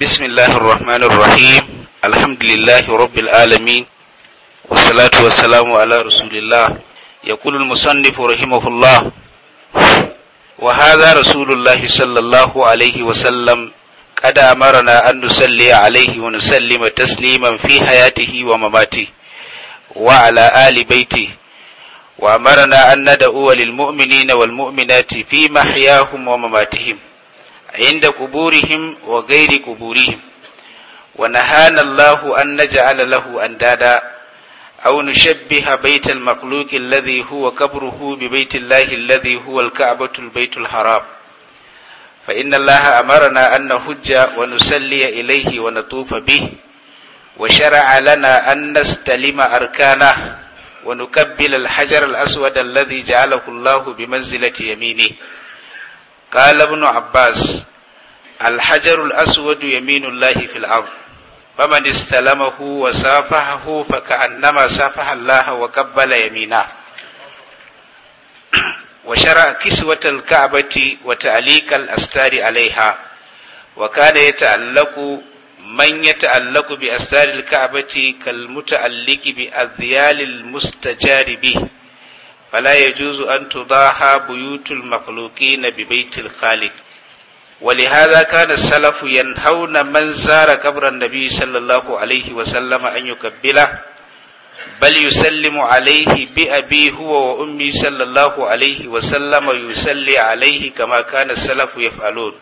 بسم الله الرحمن الرحيم الحمد لله رب العالمين والصلاة والسلام على رسول الله يقول المصنف رحمه الله وهذا رسول الله صلى الله عليه وسلم قد أمرنا أن نصلي عليه ونسلم تسليما في حياته ومماته وعلى آل بيته وأمرنا أن ندعو للمؤمنين والمؤمنات في محياهم ومماتهم a inda kuburihim wa gairi kuburihim wa nahana Allahu an naj'ala lahu andada aw shabbiha baytal makhluq alladhi huwa qabruhu bi baytillahi alladhi huwa al-ka'batu al haram fa inna amara na ana hujja wa nusalliya ilaihi wa natufa bihi وشرع لنا أن نستلم أركانه ونكبل الحجر الأسود الذي جعله الله بمنزلة يمينه قال ابن عباس الحجر الأسود يمين الله في الأرض فمن استلمه وسافحه فكأنما سافح الله وقبل يمينه وشرع كسوة الكعبة وتعليق الأستار عليها وكان يتعلق من يتعلق بأستار الكعبة كالمتعلق بأذيال المستجار به فلا يجوز أن تضاهى بيوت المخلوقين ببيت الخالق ولهذا كان السلف ينهون من زار قبر النبي صلى الله عليه وسلم أن يكبله بل يسلم عليه بأبي هو وأمي صلى الله عليه وسلم يسلي عليه كما كان السلف يفعلون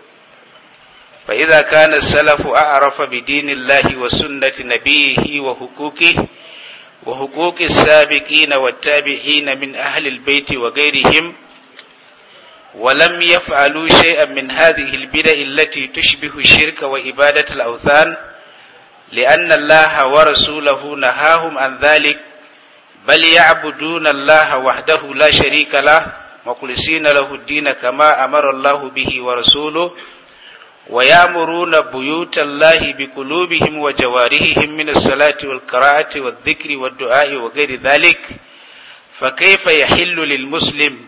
فإذا كان السلف أعرف بدين الله وسنة نبيه وحقوقه وحقوق السابقين والتابعين من أهل البيت وغيرهم ولم يفعلوا شيئا من هذه البدع التي تشبه الشرك وإبادة الأوثان لأن الله ورسوله نهاهم عن ذلك بل يعبدون الله وحده لا شريك له مخلصين له الدين كما أمر الله به ورسوله ويامرون بيوت الله بقلوبهم وجوارحهم من الصلاة والقراءة والذكر والدعاء وغير ذلك فكيف يحل للمسلم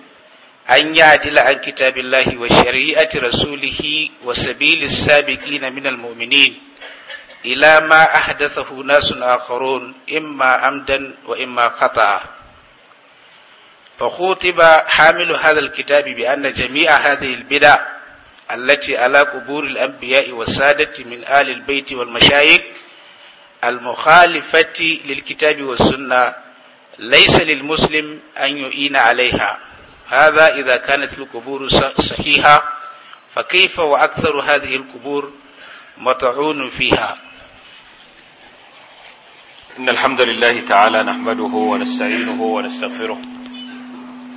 أن يعدل عن كتاب الله وشريعة رسوله وسبيل السابقين من المؤمنين إلى ما أحدثه ناس آخرون إما عمدا وإما خطأ فخوطب حامل هذا الكتاب بأن جميع هذه البدع التي على قبور الأنبياء والسادة من آل البيت والمشايخ المخالفة للكتاب والسنة ليس للمسلم أن يؤين عليها هذا إذا كانت القبور صحيحة فكيف وأكثر هذه القبور مطعون فيها إن الحمد لله تعالى نحمده ونستعينه ونستغفره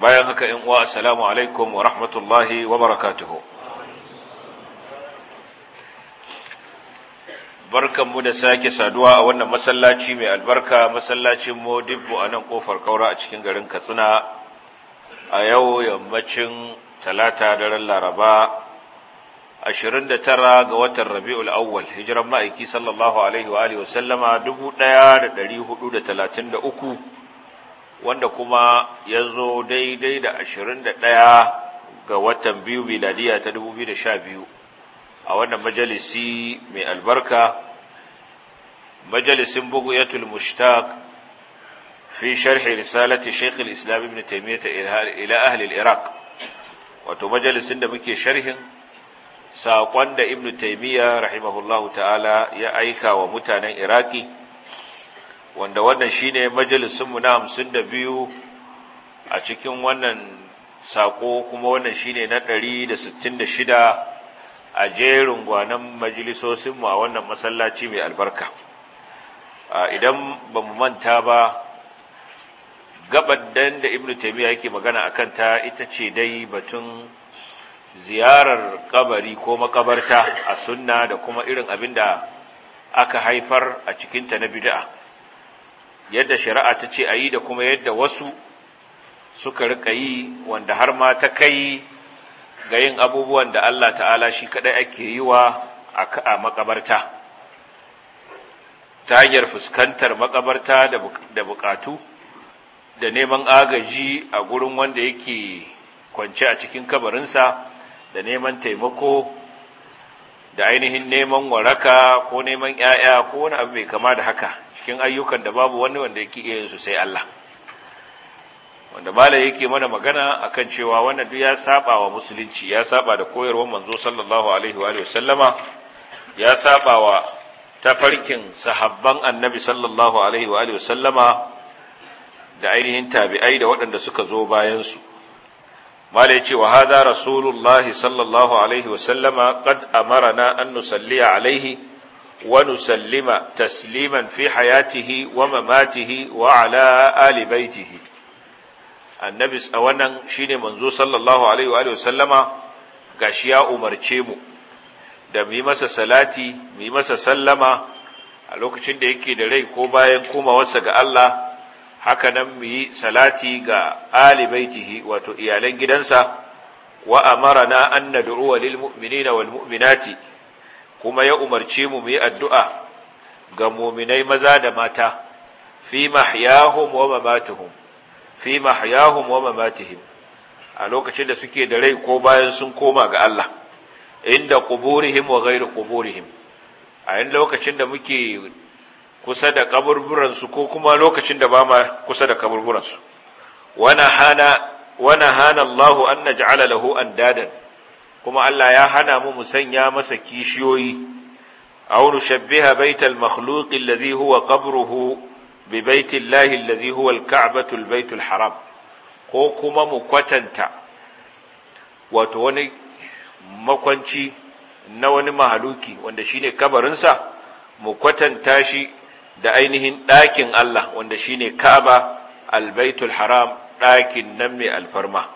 bayan haka in uwa assalamu alaikum wa rahmatullahi wa barakatuhu barkanmu da sake saduwa a wannan masallaci mai albarka masallacin modibbo a nan kofar kaura a cikin garin katsina a yau yammacin talata daren laraba 29 ga watan rabi'ul awwal hijiran ma'aiki sallallahu alaihi wa alihi wasallama 1433 wanda kuma ya zo daidai da 21 ga watan biyu miladiya ta 2012 a wannan majalisi mai albarka majalisin buguyatul mushtaq fi sharhi risalati shaykh al-islam ibn taymiyyah ila ahli al-iraq wato majalisin da muke sharhin saƙon da ibn taymiyyah rahimahullahu ta'ala ya aika wa mutanen iraki wanda wannan shine majalisunmu na hamsin da biyu a cikin wannan sako kuma wannan shine na ɗari da sittin da shida a jerin gwanon majalisosinmu a wannan masallaci mai albarka idan ba mu manta ba gabadan da ibnu taimiyya yake magana a kanta ita ce dai batun ziyarar kabari ko makabarta a sunna da kuma irin abin da aka haifar a cikinta na bid'a yadda shari'a ta ce a yi da kuma yadda wasu suka rika yi wanda har ma ta kai ga yin abubuwan da Allah ta'ala shi kadai ake yi wa a makabarta ta hanyar fuskantar makabarta da bukatu da neman agaji a gurin wanda yake kwance a cikin kabarinsa da neman taimako da ainihin neman waraka ko neman ‘ya'ya ko wani abu mai kama da haka cikin ayyukan da babu wani wanda yake iya yin su sai Allah wanda malai yake mana magana akan cewa wannan duk ya saba wa musulunci ya saba da koyarwar manzo sallallahu alaihi wa sallama ya saba wa tafarkin sahabban annabi sallallahu alaihi wa sallama da ainihin tabi'ai da waɗanda suka zo bayan su malai yace wa hadha rasulullahi sallallahu alaihi wa sallama qad amarna an nusalliya alaihi ونسلم تسليما في حياته ومماته وعلى آل بيته النبي أولا شيني منزو صلى الله عليه وآله وسلم غشياء مرشيمو da mu yi masa salati mu yi masa sallama a lokacin da yake da rai ko bayan komawarsa ga Allah haka nan mu yi salati ga ali baitihi wato iyalan gidansa wa amarana an nad'u lil mu'minina wal mu'minati kuma ya umarce mu mu yi addu'a ga muminai maza da mata fi mahyahum wa mamatuhum fi mahyahum wa mamatihim a lokacin da suke da rai ko bayan sun koma ga Allah inda quburihim wa gairu quburihim a yin lokacin da muke kusa da kaburburan ko kuma lokacin da ba ma kusa da kaburburan wana hana wana hana Allah an naj'ala lahu andadan kuma Allah ya hana mu mu sanya masa kishiyoyi aw nushabbiha baital makhluq alladhi huwa qabruhu bi baitillahi alladhi huwa alka'batu albaytul haram ko kuma mu kwatanta wato wani makwanci na wani mahaluki wanda shine kabarinsa mu kwatanta shi da ainihin ɗakin Allah wanda shine Ka'aba albaitul haram ɗakin nan mai alfarma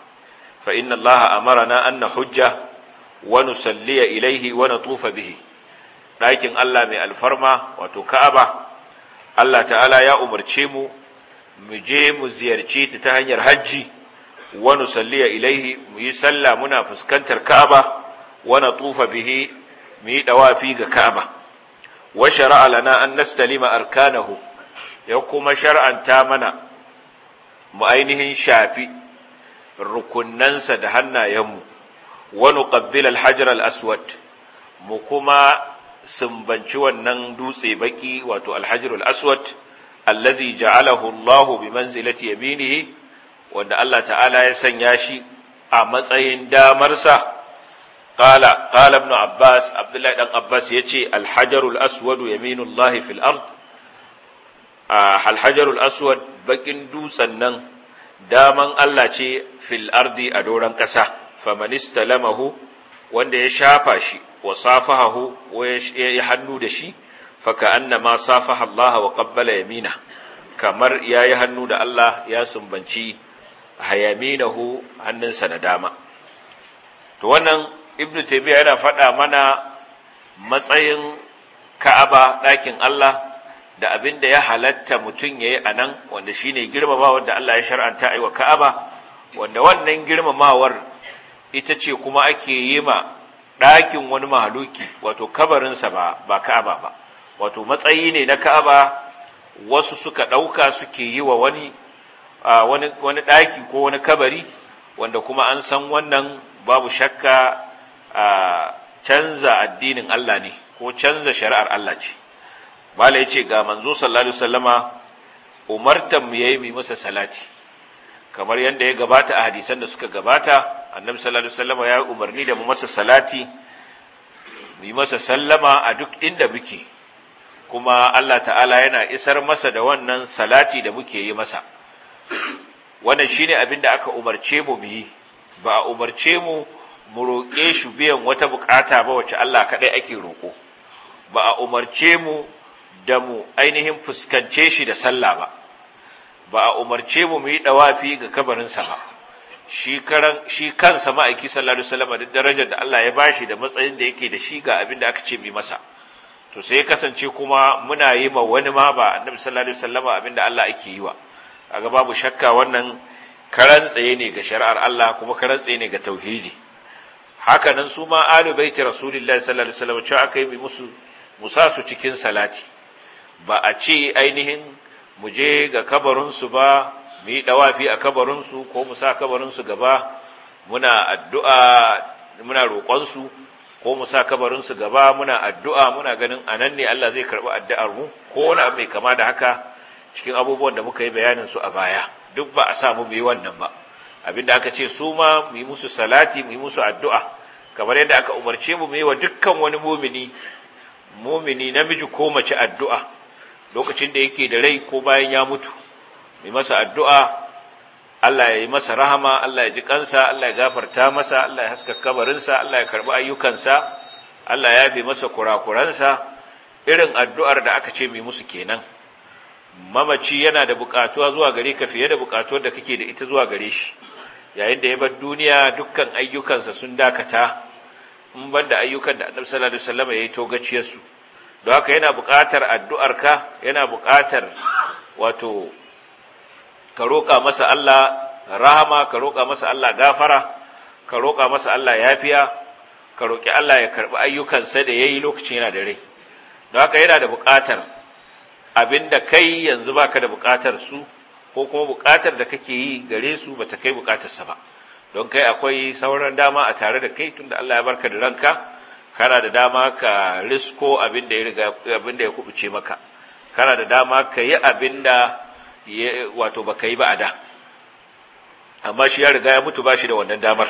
fa inna Allah amarana an hujja wa salliya ilaihi wani natufa bihi ɗakin Allah mai alfarma wato Ka'aba Allah ta'ala ya umarce mu mu je mu ziyarce ta ta hanyar hajji wa salliya ilaihi mu yi sallah muna fuskantar Ka'aba Wani tsufa bihi mu yi ga Ka'aba wa shar'a lana an nastalima arkanahu ya kuma shar'anta mana mu ainihin shafi rukunnansa da hannayenmu Wani nuqabbil al al-aswad mu kuma sumbanci wannan dutse baki wato alhajarul aswad alladhi ja'alahu Allah bi manzilati yaminihi wanda Allah ta'ala ya sanya shi a matsayin damarsa qala qala ibn abbas abdullahi dan abbas yace al-hajar aswad yaminullahi fil ard al aswad bakin dutsen nan daman Allah ce fil ardi a doran ƙasa Lamahu, wanda ya shafa shi wa safahahu waya ya hannu da shi faka annama safaha Allah wa qabbala yamina kamar ya yi hannu da Allah ya sumbanci hayaminahu hannunsa na dama to wannan ibnu taymiya yana faɗa mana matsayin Ka'aba ɗakin Allah da abin da ya halatta mutum yayi nan, wanda shine girmamawa wanda Allah ya shar'anta aiwa Ka'aba wanda wannan girmamawar ita ce kuma ake yi ma ɗakin wani mahaluki wato kabarinsa ba ba ka'aba ba wato matsayi ne na ka'aba wasu suka ɗauka suke yi wa wani wani ɗaki ko wani kabari wanda kuma an san wannan babu shakka a canza addinin Allah ne ko canza shari'ar Allah ce Bala ya ce ga manzo sallallahu alaihi wasallama umartan mu yayi masa salati kamar yadda ya gabata a hadisan da suka gabata annabi sallallahu alaihi wasallam ya umarni da mu masa salati mu yi masa sallama a duk inda muke kuma Allah ta'ala yana isar masa da wannan salati da muke yi masa wannan shine abin da aka umarce mu biyi. ba a umarce mu mu roƙe shi biyan wata bukata ba wacce Allah kaɗai ake roƙo ba a umarce mu da mu ainihin fuskance shi da sallah ba ba a umarce mu mu yi dawafi ga kabarinsa ba shi kansa ma'aiki sallallahu alaihi wasallam da darajar da Allah ya ba shi da matsayin da yake da shi ga abin da aka ce mai masa to sai ya kasance kuma muna yi ma wani ma ba annabi sallallahu alaihi salama, abin da Allah ake yi wa gaba babu shakka wannan karan tsaye ne ga shari'ar Allah kuma karan tsaye ne ga tauhidi Hakanan nan su ma alu baiti rasulullahi sallallahu alaihi wasallam cewa aka yi musu musa su cikin salati ba a ce ainihin mu je ga kabarinsu ba mu yi dawafi a kabarinsu ko mu sa kabarinsu gaba muna addu'a muna roƙonsu ko mu sa kabarinsu gaba muna addu'a muna ganin anan ne Allah zai karɓi addu'ar mu ko wani abu mai kama da haka cikin abubuwan da muka yi bayanin su a baya duk ba a samu mu yi wannan ba abinda aka ce su ma mu yi musu salati mu yi musu addu'a kamar yadda aka umarce mu mu yi wa dukkan wani mumini mumini namiji ko mace addu'a lokacin da yake da rai ko bayan ya mutu mai masa addu'a Allah ya yi masa rahama Allah ya ji kansa Allah ya gafarta masa Allah ya haska kabarinsa Allah ya karɓi ayyukansa Allah ya yafe masa kurakuransa irin addu'ar da aka ce mai musu kenan mamaci yana da bukatuwa zuwa gare ka fiye da buƙatuwar da kake da ita zuwa gare shi yayin da ya bar duniya dukkan ayyukansa sun dakata in ban da ayyukan da annabi sallallahu alaihi wasallam ya yi togaciyar su don haka yana buƙatar addu'arka yana buƙatar wato ka roƙa masa Allah rahama ka roƙa masa Allah gafara ka roƙa masa Allah yafiya ka roƙi Allah ya karɓi ayyukansa da ya yi lokacin yana da rai don haka yana da buƙatar abinda kai yanzu baka da buƙatar su ko kuma buƙatar da kake yi gare su ba ta kai buƙatarsa ba don kai akwai sauran dama a tare da kai tunda Allah ya barka da ranka kana da dama ka risko abin da ya kubuce maka kana da dama ka yi abin da wato baka yi ba a da amma shi ya riga ya mutu ba shi da wannan damar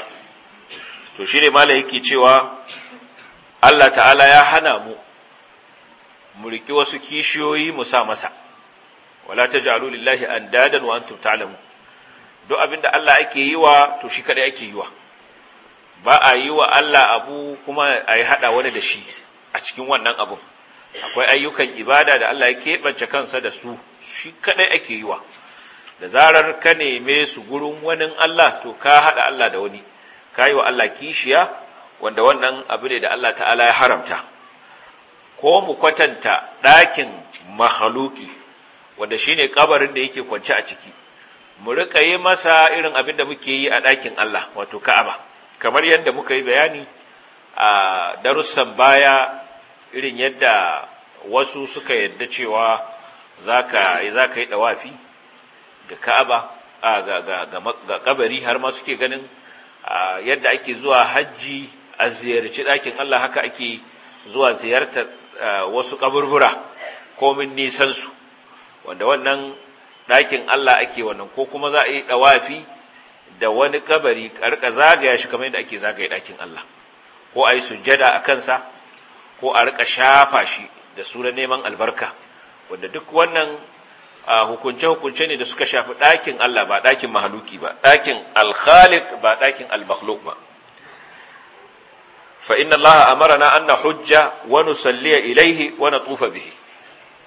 to shi ne malam yake cewa Allah ta'ala ya hana mu mu riki wasu kishiyoyi mu sa masa wala jalu lillahi dadan wa antum ta'lamun duk abinda Allah ake yi wa to shi kadai ake yi wa ba a yi wa Allah abu kuma a yi hada wani da shi a cikin wannan abun akwai ayyukan ibada da Allah ya keɓance kansa da su shi kaɗai ake yi wa da zarar ka neme su gurin wani Allah to ka haɗa Allah da wani ka yi wa Allah kishiya wanda wannan abu ne da Allah ta'ala ya haramta ko mu kwatanta ɗakin mahaluki wanda shi ne ƙabarin da yake kwance a ciki mu riƙa yi masa irin abin da muke yi a ɗakin Allah wato ka'aba kamar yadda muka yi bayani a darussan baya irin yadda wasu suka yadda cewa za ka yi ɗawafi ga ka'aba ga kabari har ma suke ganin yadda ake zuwa hajji a ziyarci ɗakin Allah haka ake zuwa ziyartar wasu kaburbura komin nisansu wanda wannan ɗakin Allah ake wannan ko kuma za a yi ɗawafi da wani kabari ƙarƙa zagaya shi kamar yadda ake zagaya ɗakin Allah ko a yi sujjada a kansa ko a rika shafa shi da sura neman albarka wanda duk wannan hukunce-hukunce ne da suka shafi ɗakin Allah ba ɗakin mahaluki ba ɗakin alkhalik ba ɗakin almakhluq ba fa inna Allah na an hujja wa nusalliya ilaihi wa natufa bihi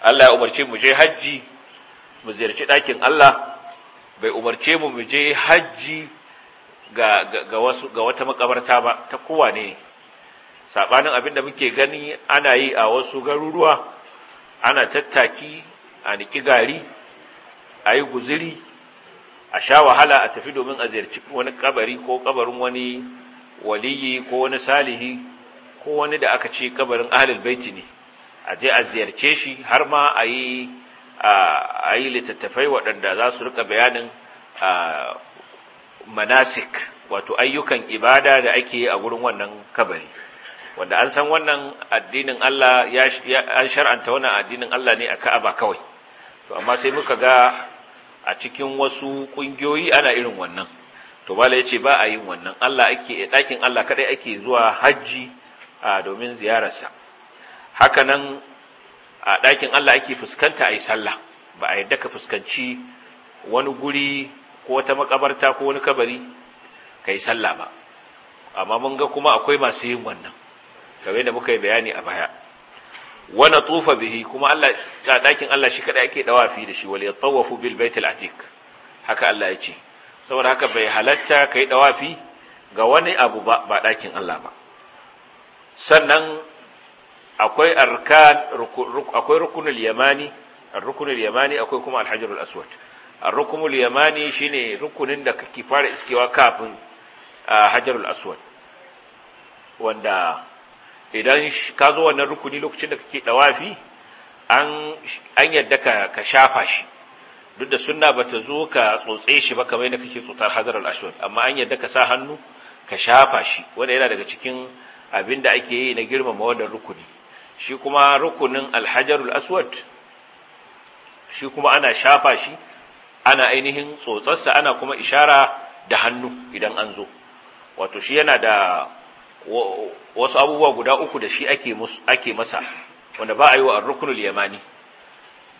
Allah ya umarce mu je hajji mu ziyarci ɗakin Allah bai umarce mu mu je hajji ga ga wasu ga wata makabarta ba ta kowa ne sabanin abin da muke gani ana yi a wasu garuruwa ana tattaki a niki gari a yi guziri a sha wahala a tafi domin a ziyarci wani kabari ko kabarin wani waliyi ko wani salihi ko wani da aka ce kabarin ahlul baiti ne a je a ziyarce shi har ma a yi a yi littattafai waɗanda za su rika bayanin manasik wato ayyukan ibada da ake yi a gurin wannan kabari wanda an san wannan addinin Allah ya an shar'anta wannan addinin Allah ne a Ka'aba kawai to amma sai muka ga a cikin wasu kungiyoyi ana irin wannan to bala yace ba a yin wannan Allah ake dakin Allah kadai ake zuwa haji domin ziyararsa haka nan a ɗakin Allah ake fuskanta a yi sallah ba a yadda ka fuskanci wani guri ko wata makabarta ko wani kabari kai sallah ba amma mun ga kuma akwai masu yin wannan kamar yadda muka yi bayani a baya Wani tufa bihi kuma Allah a dakin Allah shi kada ake dawafi da shi wal yatawafu bil baitil atik haka Allah ya ce saboda haka bai halatta kai dawafi ga wani abu ba ba dakin Allah ba sannan akwai arkan akwai rukunul yamani rukunul yamani akwai kuma al aswad ar-rukunul yamani shine rukunin da kake fara iskewa kafin hajarul aswad wanda idan ka zo wannan rukuni lokacin da kake dawafi an an yadda ka ka shafa shi duk da sunna bata zo ka tsotse shi ba kamar yadda kake tsotar hazar al-ashwad amma an yadda ka sa hannu ka shafa shi wanda yana daga cikin abin da ake yi na girmama wannan rukuni shi kuma rukunin alhajarul aswad shi kuma ana shafa shi ana ainihin tsotsarsa ana kuma ishara da hannu idan an zo wato shi yana da wasu abubuwa guda uku da shi ake masa wanda ba a yi wa rukunul yamani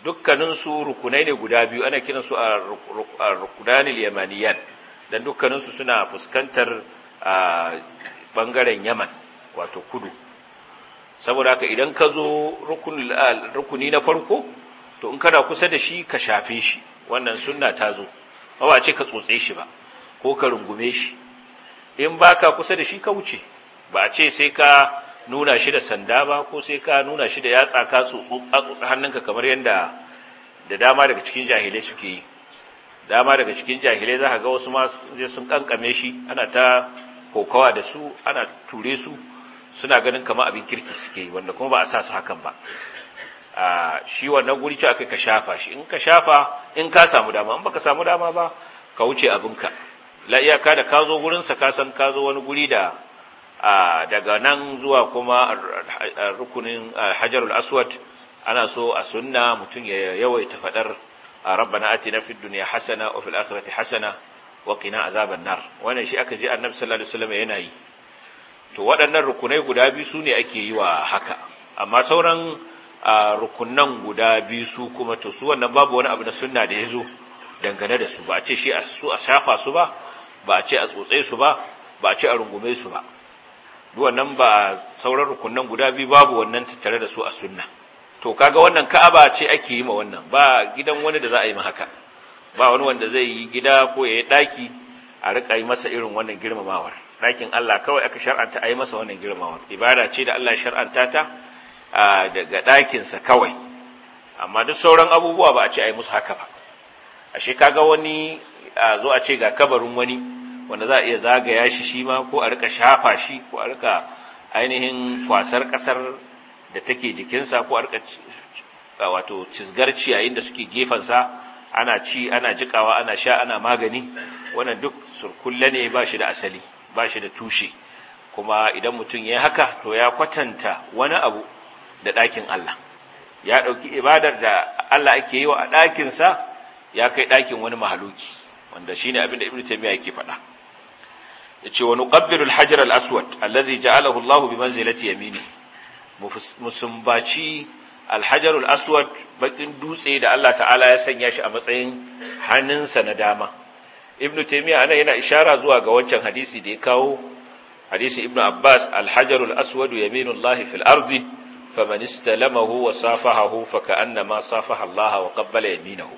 dukkaninsu rukunai ne guda biyu ana kiransu a rukunanil yamaniyan don dukkaninsu suna fuskantar bangaren yaman wato kudu saboda haka idan ka zo rukuni na farko to in kana kusa da shi ka shafe shi wannan sunna ta zo ba ce ka tsotse shi ba ko ka rungume shi in baka kusa da shi ka wuce ba a ce sai ka nuna shi da sanda ba ko sai ka nuna shi da yatsa ka tsotso hannunka kamar yadda da dama daga cikin jahilai suke yi dama daga cikin jahilai za ka ga wasu masu sun kankame shi ana ta kokawa da su ana ture su suna ganin kamar abin kirki suke yi wanda kuma ba a sa su hakan ba a shi wannan guri cewa kai ka shafa shi in ka shafa in ka samu dama in baka samu dama ba ka wuce abinka la iyaka da ka zo gurinsa ka san ka zo wani guri da daga nan zuwa kuma rukunin hajarul aswad ana so a sunna mutum ya yawaita faɗar rabbana atina fid dunya hasana wa fil akhirati hasana wa qina azaban nar wannan shi aka ji annabi sallallahu alaihi wasallam yana yi to waɗannan rukunai guda biyu su ne ake yi wa haka amma sauran rukunan guda biyu su kuma to su wannan babu wani abu na sunna da ya dangane da su ba a ce shi a su a shafa su ba ba a ce a tsotse su ba ba a ce a rungume su ba duwannan ba sauran rukunan guda biyu babu wannan tattare da su a sunna to kaga wannan ka'aba ce ake yi ma wannan ba gidan wani da za a yi ma haka ba wani wanda zai yi gida ko ya yi ɗaki a rika yi masa irin wannan girmamawar ɗakin Allah kawai aka shar'anta a yi masa wannan girmamawar ibada ce da Allah ya shar'anta ta daga ɗakinsa kawai amma duk sauran abubuwa ba a ce a yi musu haka ba ashe kaga wani a zo a ce ga kabarin wani wanda za a iya zagaya shi shi ma ko a rika shafa shi ko a rika ainihin kwasar kasar da take jikinsa ko a rika wato cizgar ciyayin da suke gefensa ana ci ana jikawa ana sha ana magani wannan duk surkulle ne ba shi da asali ba shi da tushe kuma idan mutum ya haka to ya kwatanta wani abu da ɗakin Allah ya ɗauki ibadar da Allah ake yi wa a ɗakinsa ya kai ɗakin wani mahaluki wanda shine abin da ibnu tamiya yake faɗa yace wa nuqabbilu al-hajar al-aswad allazi ja'alahu Allah bi manzilati yamini musumbaci al-hajar al-aswad bakin dutse da Allah ta'ala ya sanya shi a matsayin hannunsa na dama ibnu taymiya ana yana ishara zuwa ga wancan hadisi da ya kawo hadisi ibnu abbas al-hajar al-aswad yaminu Allah fil ardi faman istalamahu wa safahahu fa ka'annama safaha Allah wa qabbala yaminahu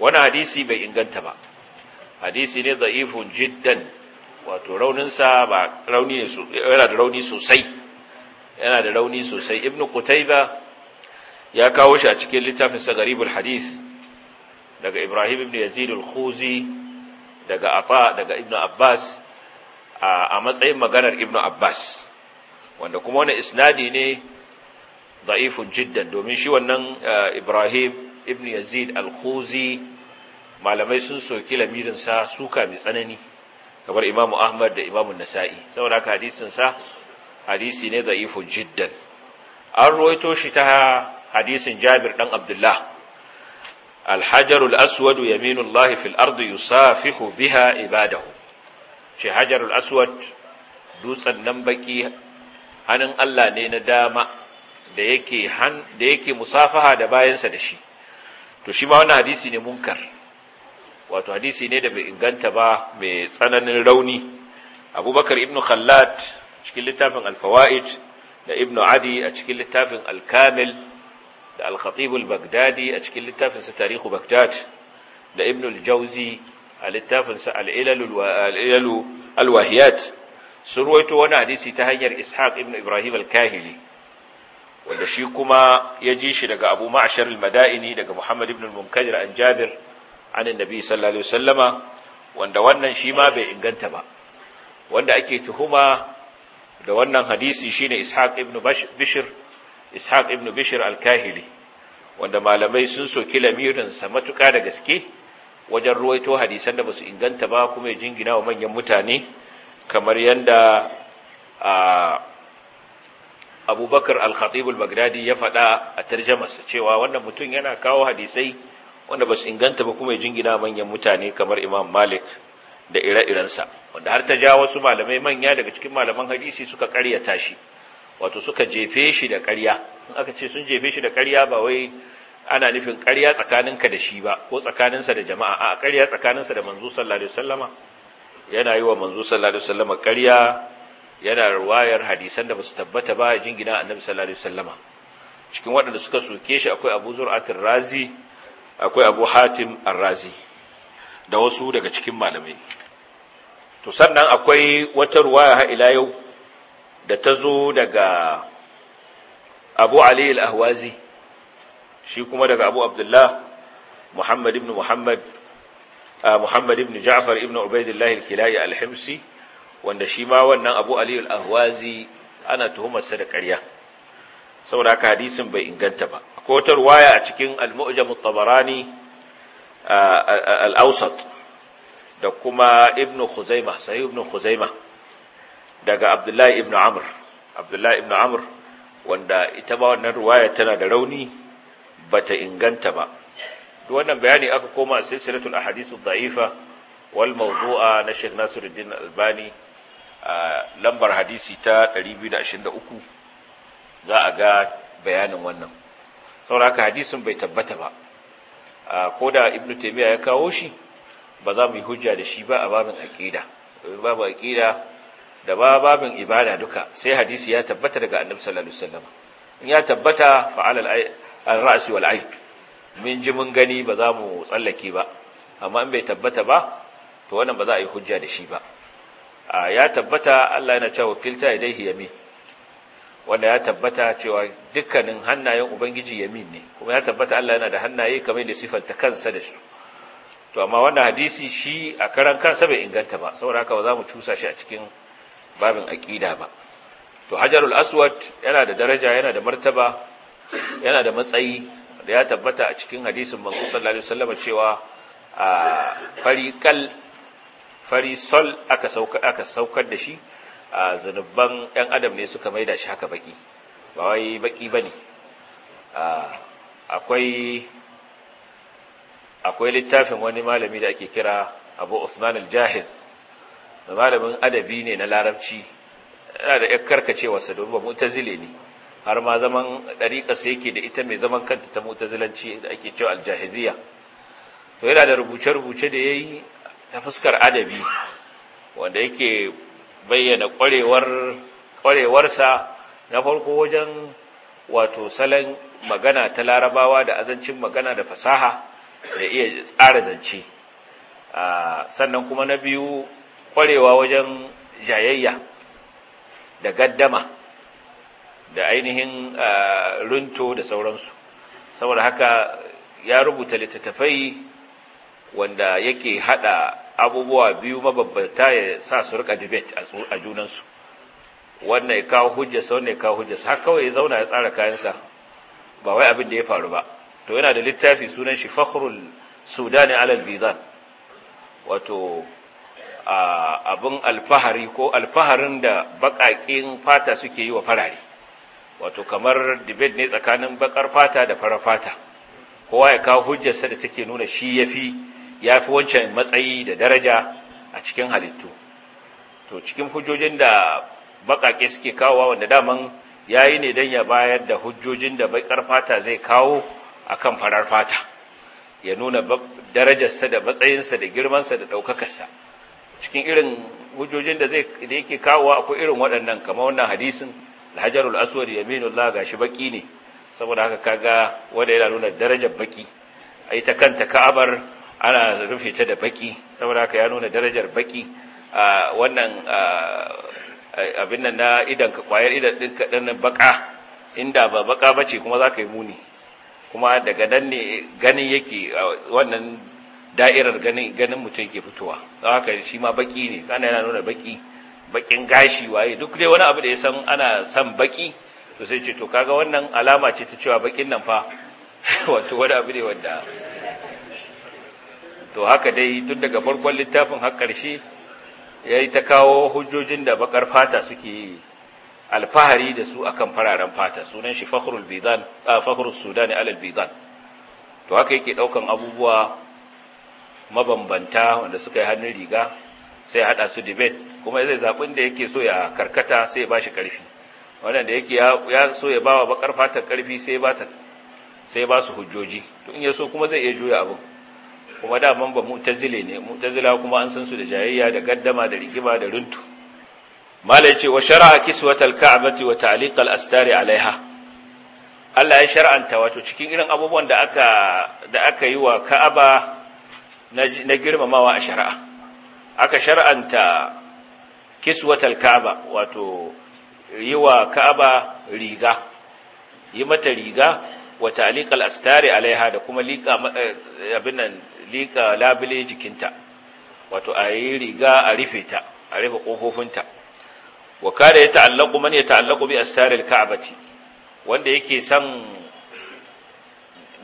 wannan hadisi bai inganta ba hadisi ne da'ifun jiddan wato rauninsa ba rauni ne yana da rauni sosai yana da rauni sosai ibn qutayba ya kawo shi a cikin littafin sa garibul daga ibrahim ibn yazid al-khuzi daga ata daga ibn abbas a matsayin maganar ibn abbas wanda kuma wani isnadi ne da'ifun jiddan domin shi wannan ibrahim ibn yazid al-khuzi malamai sun soki lamirinsa suka mai tsanani kamar imamu ahmad da imamu nasa'i saboda haka hadisin sa hadisi ne za'ifun jiddan an ruwaito shi ta hadisin jabir ɗan abdullah alhajarul aswad yaminullahi fil yusa yusafihu biha ibadahu shi hajarul aswad dutsen nan baki hannun Allah ne na dama da yake musafaha da bayansa da shi to shi ma wannan hadisi ne munkar wato hadisi ne da bai inganta ba mai tsananin rauni abubakar ibnu khallad cikin littafin alfawa'id da ibnu adi a cikin littafin alkamil da al bagdadi a cikin littafin sa tarihu Bagdad da Ibn al a littafin sa al-ilal al sun ruwaito wani hadisi ta hanyar ishaq Ibn ibrahim al-kahili wanda shi kuma ya ji shi daga abu ma'ashar al-mada'ini daga muhammad ibn al-munkadir an jabir anin nabi sallallahu alaihi wasallama wanda wannan shi ma bai inganta ba wanda ake tuhuma da wannan hadisi shine ishaq ibn bishr ishaq bishr al-kahili wanda malamai sun soki lamirinsa matuka da gaske wajen ruwaito hadisan da ba su inganta ba kuma ya jingina wa manyan mutane kamar yadda abubakar al-khatib al-baghdadi ya faɗa a tarjamarsa cewa wannan mutum yana kawo hadisai wanda ba su inganta ba kuma ya jingina manyan mutane kamar imam malik da ire-irensa wanda har ta ja wasu malamai manya daga cikin malaman hadisi suka karyata shi wato suka jefe shi da karya in aka ce sun jefe shi da karya ba wai ana nufin karya tsakaninka da shi ba ko tsakaninsa da jama'a a karya tsakaninsa da manzo sallallahu alaihi wasallama yana yi wa manzo sallallahu alaihi wasallama karya yana ruwayar hadisan da ba su tabbata ba jingina annabi sallallahu alaihi wasallama cikin waɗanda suka soke shi akwai Abu Zur'atul Razi akwai abu hatim arrazi da wasu daga cikin malamai to sannan akwai wata ruwaya har ila yau da ta zo daga abu ali al-ahwazi shi kuma daga abu abdullah muhammad ibn muhammad muhammad ibn ja'far ibn ubaidillah al-kilai al-himsi wanda shi ma wannan abu ali al-ahwazi ana tuhumarsa da ƙarya saboda haka hadisin bai inganta ba ko ta ruwaya a cikin al-mu'jam at-tabarani al-awsat da kuma ibn khuzaima sahih ibn khuzaima daga abdullahi ibn amr abdullahi ibn amr wanda ita ba wannan ruwaya tana da rauni bata inganta ba duk wannan bayani aka koma silsilatul ahadithu dha'ifa wal mawdu'a na Sheikh Nasiruddin Albani lambar hadisi ta 223 za a ga bayanin wannan haka hadisin bai tabbata ba ko da ibn taymiya ya kawo shi ba za mu yi hujja da shi ba a babin aqida babu aqida da ba babin ibada duka sai hadisi ya tabbata daga annabi sallallahu alaihi wasallam in ya tabbata fa al ra'si wal ayn min ji mun gani ba za mu tsallake ba amma in bai tabbata ba to wannan ba za a yi hujja da shi ba ya tabbata Allah yana cewa filta idaihi yamin wanda ya tabbata cewa dukkanin hannayen ubangiji yamin ne kuma ya tabbata Allah yana da hannaye kamar da sifanta kansa da su to amma wannan hadisi shi a karan kansa bai inganta ba saboda haka ba za mu cusa shi a cikin babin aqida ba to hajarul aswad yana da daraja yana da martaba yana da matsayi da ya tabbata a cikin hadisin manzo sallallahu alaihi wasallam cewa a fariqal sol aka sauka aka saukar da shi zunuban 'yan adam ne suka maida shi haka baki ba wai baki ba ne akwai littafin wani malami da ake kira abu usman al-jahiz malamin adabi ne na larabci yana da yar karkacewarsa domin ba mutazile ne har ma zaman ɗariƙarsa yake da ita mai zaman kanta ta mutazilanci da ake cewa aljahiziyya to yana da rubuce-rubuce da ya yi ta fuskar adabi wanda yake bayyana ƙwarewarsa na farko wajen wato salon magana ta larabawa da azancin magana da fasaha da iya tsara zance sannan kuma na biyu ƙwarewa wajen jayayya da gaddama da ainihin runto da sauransu saboda haka ya rubuta littattafai wanda yake hada abubuwa biyu mababbata ya sa su rika debate a junansu wannan ya kawo hujjarsa wannan ya kawo hujjarsa har kawai ya zauna ya tsara kayansa ba wai abin da ya faru ba to yana da littafi sunan shi fakhrul sudani alal bidan wato abin alfahari ko alfaharin da bakakin fata suke yi wa farare wato kamar debate ne tsakanin bakar fata da farar fata kowa ya kawo hujjarsa da take nuna shi yafi ya fi wancan matsayi da daraja a cikin halittu to cikin hujjojin da baƙaƙe suke kawowa wanda daman ya yi ne don ya bayar da hujjojin da baƙar fata zai kawo a kan farar fata ya nuna darajarsa da matsayinsa da girmansa da ɗaukakarsa cikin irin hujjojin da yake kawowa akwai irin waɗannan kama wannan hadisin alhajarul aswad ga shi baƙi ne saboda haka kaga wanda yana nuna darajar baki yi ta kanta ka'abar ana rufe ta da baki saboda haka ya nuna darajar baki wannan abin nan na idan ka kwayar idan din ka dan baka inda ba baka bace kuma zaka yi muni kuma daga nan ne gani yake wannan da'irar ganin ganin mutum yake fitowa haka shi ma baki ne kana yana nuna baki bakin gashi waye duk dai wani abu da ya san ana san baki to sai ce to kaga wannan alama ce ta cewa bakin nan fa wato wani abu ne wanda to haka dai tun daga farkon littafin har ƙarshe ya yi ta kawo hujjojin da bakar fata suke alfahari da su akan fararen fata sunan shi fakhrul bidan a fakhrul sudan alal bidan to haka yake daukan abubuwa mabambanta wanda suka yi hannun riga sai ya hada su debate kuma zai zabin da yake so ya karkata sai ya bashi karfi wannan da yake ya so ya bawa bakar fata karfi sai ya ba sai ba su hujjoji to in ya so kuma zai iya juya abin kuma daman ba mu'tazile ne mu'tazila kuma an san su da jayayya da gaddama da rigima da runtu mala yace wa shar'a kiswatal ka'bati wa ta'liq al astari alaiha Allah ya shar'anta wato cikin irin abubuwan da aka da aka yi wa Ka'aba na girmamawa a shari'a aka shar'anta kiswatal Ka'aba wato yi wa Ka'aba riga yi mata riga wa ta'liq al astari alaiha da kuma liƙa eh, abin nan liƙa labule jikinta wato a yi riga a rufe ta a rufe ƙofofinta wa kada ya ta'allaku man ya ta'allaku bi astaril ka'bati wanda yake san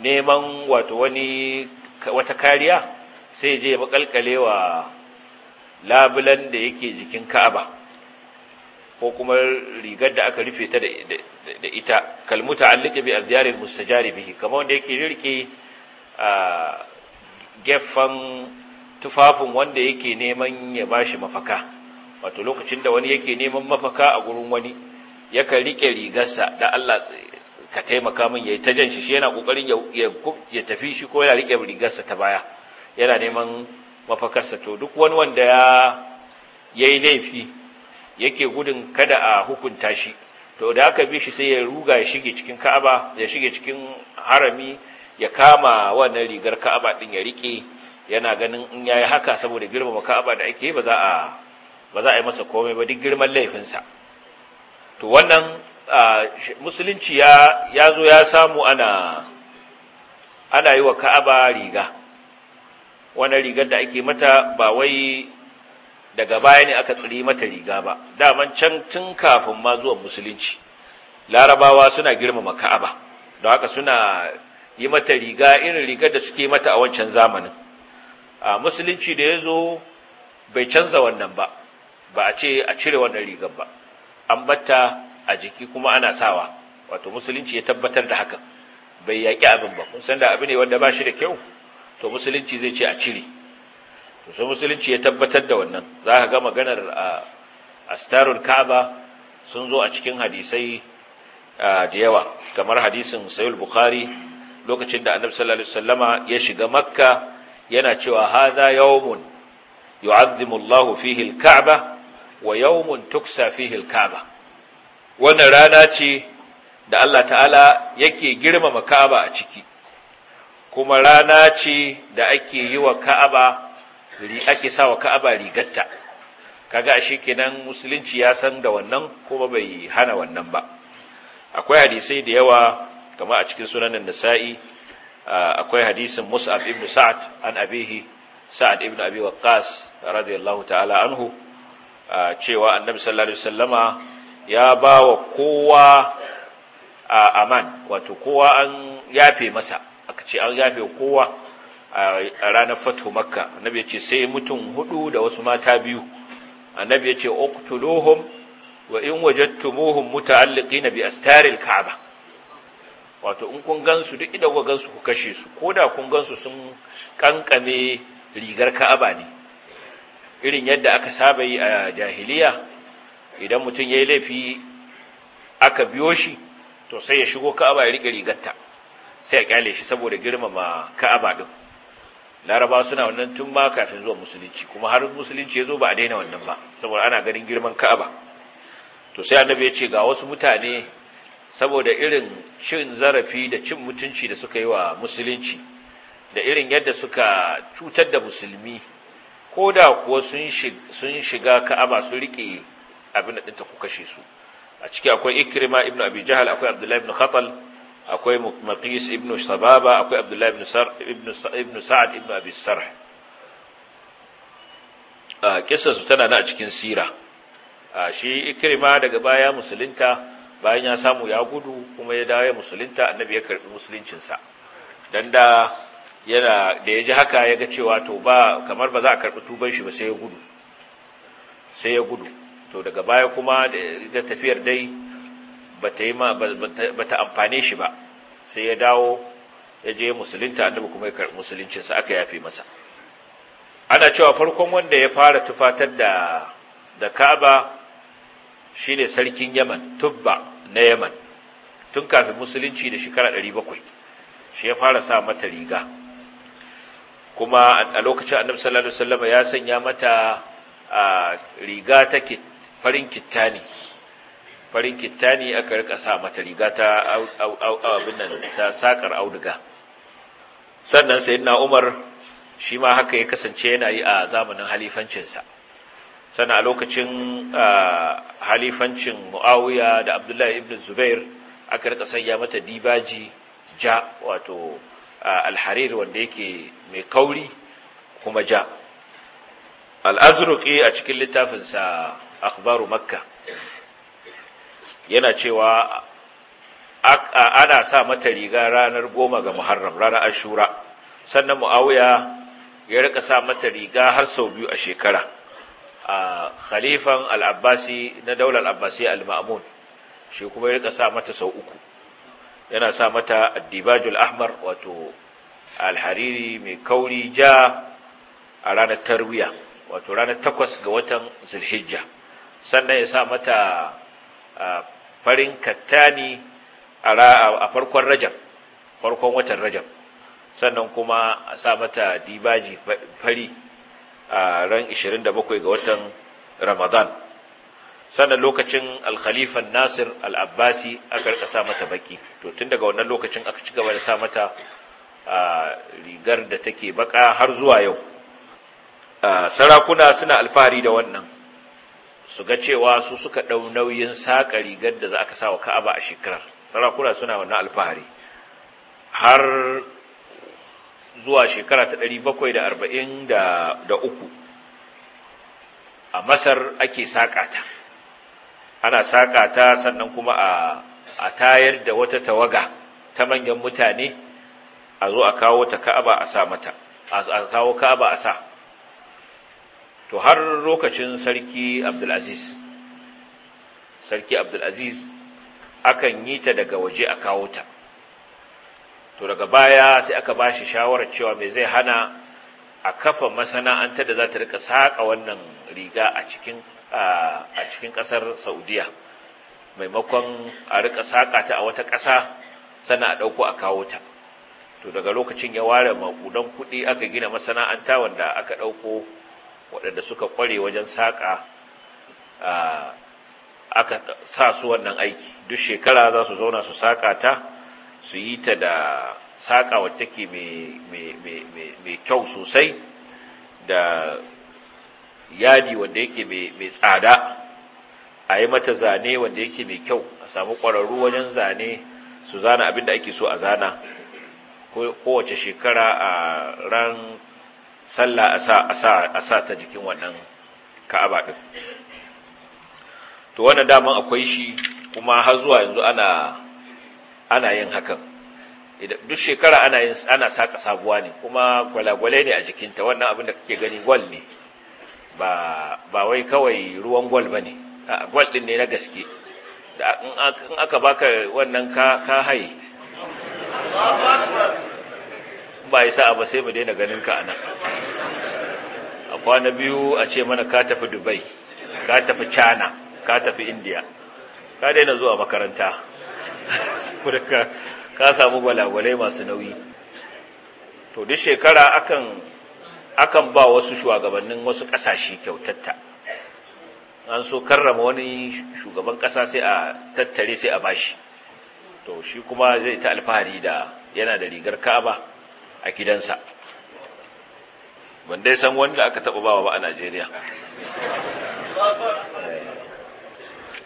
neman wato wani wata kariya sai je kalkalewa labulan da yake jikin ka'aba ko kuma rigar da aka rufe ta da ita kalmuta allika bi azyaril mustajari bihi kamar wanda yake rike a ah, gefen tufafin wanda yake neman ya bashi mafaka wato lokacin da wani yake neman mafaka a gurin wani yaka riƙe rigarsa da Allah ka taimaka min ya yi ta jan shi shi yana ƙoƙarin ya tafi shi ko yana riƙe rigarsa ta baya yana neman mafakarsa to duk wani wanda ya yi laifi yake gudun kada a hukunta shi to da aka bi shi sai ya ruga ya shige cikin Ka'aba ya shige cikin harami ya kama wannan rigar ka'aba din ya rike yana ganin in yayi haka saboda girmama ka'aba da ake ba za a ba za a yi masa komai ba duk girman laifinsa to wannan musulunci ya yazo zo ya samu ana ana yi wa ka'aba riga wannan rigar da ake mata ba wai daga baya ne aka tsiri mata riga ba daman can tun kafin ma zuwan musulunci larabawa suna girmama ka'aba don haka suna yi mata riga irin rigar da suke mata a wancan zamanin a musulunci da ya zo bai canza wannan ba ba a ce a cire wannan rigar ba an batta a jiki kuma ana sawa wato musulunci ya tabbatar da hakan bai yaƙi abin ba kun san da abu ne wanda ba shi da kyau to musulunci zai ce a cire to sai musulunci ya tabbatar da wannan za ka ga maganar a astarul kaaba sun zo a cikin hadisai da yawa kamar hadisin Sayyid bukhari lokacin da annabi sallallahu alaihi wasallama ya shiga makka yana cewa hadha yawmun yu'azzimu Allah fihi al-ka'ba wa yawmun tuksa fihi al-ka'ba wannan rana ce da Allah ta'ala yake girmama Ka'aba a ciki kuma rana ce da ake yi wa Ka'aba ake sa wa Ka'aba rigatta kaga ashe kenan musulunci ya san da wannan kuma bai hana wannan ba akwai hadisai da yawa kama a cikin sunanin nasa'i akwai hadisin mus'ab ibn sa'ad an abihi sa'ad ibn abi waqqas radiyallahu ta'ala anhu cewa annabi sallallahu alaihi wasallama ya bawa kowa aman wato kowa an yafe masa aka ce an yafe kowa a ranar fatu makka annabi ya ce sai mutum hudu da wasu mata biyu annabi ya ce uqtuluhum wa in wajadtumuhum muta'alliqina bi astaril Ka'aba. wato in kun gansu duk inda kuka gansu ku kashe su ko da kun gansu sun kankame rigar ka'aba ne irin yadda aka saba yi a jahiliya idan mutum ya yi laifi aka biyo shi to sai ya shigo ka'aba ya riƙe rigarta sai ya kyale shi saboda girmama ka'aba ɗin laraba suna wannan tun ba kafin zuwa musulunci kuma har musulunci ya zo ba a daina wannan ba saboda ana ganin girman ka'aba to sai annabi ya ce ga wasu mutane saboda irin cin zarafi da cin mutunci da suka yi wa musulunci da irin yadda suka cutar da musulmi ko da kuwa sun shiga ka'aba sun riƙe abin da ɗinta ku kashe su a ciki akwai Ikirima, ibn abi jahal akwai abdullahi ibn khatal akwai maqis ibn sababa akwai abdullahi ibn sar ibn sa'ad ibn abi sarh kissa su tana na a cikin sira shi Ikirima daga baya musulunta bayan ya samu ya gudu kuma ya dawo ya musulunta annabi ya karbi musuluncinsa dan da yana da ya ji haka ya ga cewa to ba kamar ba za a karbi tuban shi ba sai ya gudu sai ya gudu to daga baya kuma da tafiyar dai bata yi ma bata amfane shi ba sai ya dawo ya je musulunta annabi kuma ya karbi musuluncinsa aka yafe masa ana cewa farkon wanda ya fara tufatar da da Ka'aba shine sarkin Yaman Tubba na yaman tun kafin musulunci da shekara 700 shi ya fara sa mata riga kuma a lokacin annabi sallallahu alaihi wasallam ya sanya mata riga ta farin kittani farin kittani aka rika sa mata riga ta abin nan ta sakar auduga sannan sayyidina Umar shi ma haka ya kasance yana yi a zamanin halifancinsa sana a lokacin halifancin mu'awiya da abdullahi ibn zubair aka rika sanya mata dibaji ja wato alharir wanda yake mai kauri kuma ja al'azuruki a cikin littafinsa akhbaru makka yana cewa ana sa mata riga ranar goma ga muharram ranar ashura sannan mu'awiya ya rika sa mata riga har sau biyu a shekara A khalifan al-abbasi na daular al-abbasi al-ma'mun shi kuma ya rika sa mata sau uku yana sa mata Dibajul ahmar wato al-hariri mai kauri ja a ranar tarwiya wato ranar takwas ga watan zulhijja sannan ya sa mata farin kattani a farkon rajab farkon watan rajab sannan kuma a sa mata dibaji fari a ran 27 ga watan Ramadan sannan lokacin Alkhalifar Nasir al-Abbasi aka rika sa mata baki to tun daga wannan lokacin aka ci gaba da sa mata rigar da take baka har zuwa yau sarakuna suna alfahari da wannan su ga cewa su suka ɗau nauyin saƙa rigar da za ka sa wa ka'aba a shekarar sarakuna suna wannan alfahari har zuwa shekara ta ɗari da da arba'in uku, a masar ake sakata ana sakata sannan kuma a a tayar da wata tawaga ta manyan mutane a zo a kawo ta ka'aba a sa mata a kawo ka'aba a sa to har lokacin sarki abdulaziz sarki abdulaziz akan yi ta daga waje a kawo ta to daga baya sai aka ba shi shawarar cewa mai zai hana a kafa masana'anta da za ta rika saƙa wannan riga a cikin ƙasar saudiya maimakon a rika saƙa ta a wata ƙasa sana a ɗauko a kawo ta to daga lokacin ya ware maƙudan kuɗi aka gina masana'anta wanda aka ɗauko waɗanda suka ƙware wajen saƙa aka sa su wannan aiki duk shekara za su zauna su saƙa ta su yi ta da saƙa wacce ke mai kyau sosai da yadi wanda yake mai tsada a yi mata zane wanda yake mai kyau a samu ƙwararru wajen zane su zana abin da ake so a zana kowace shekara a ran sallah a sa ta jikin wannan ka'aba ɗin to wannan daman akwai shi kuma har zuwa yanzu ana ana yin hakan duk shekara ana yin ana saka sabuwa ne kuma gwalagwale ne a jikin ta wannan abin da kake gani gwal ne ba ba wai kawai ruwan gwal bane a gwal din ne na gaske da in aka baka wannan ka ka haye ba isa ba sai mu daina ganin ka anan a kwana biyu a ce mana ka tafi dubai ka tafi china ka tafi india ka daina zuwa makaranta saboda ka samu gwalagwalai masu nauyi to duk shekara akan akan ba wasu shugabannin wasu ƙasashe kyautatta an so karrama wani shugaban ƙasa sai a tattare sai a bashi to shi kuma zai ta alfahari da yana da rigar ka'aba a gidansa ban dai san wanda aka taba bawa ba a najeriya eh.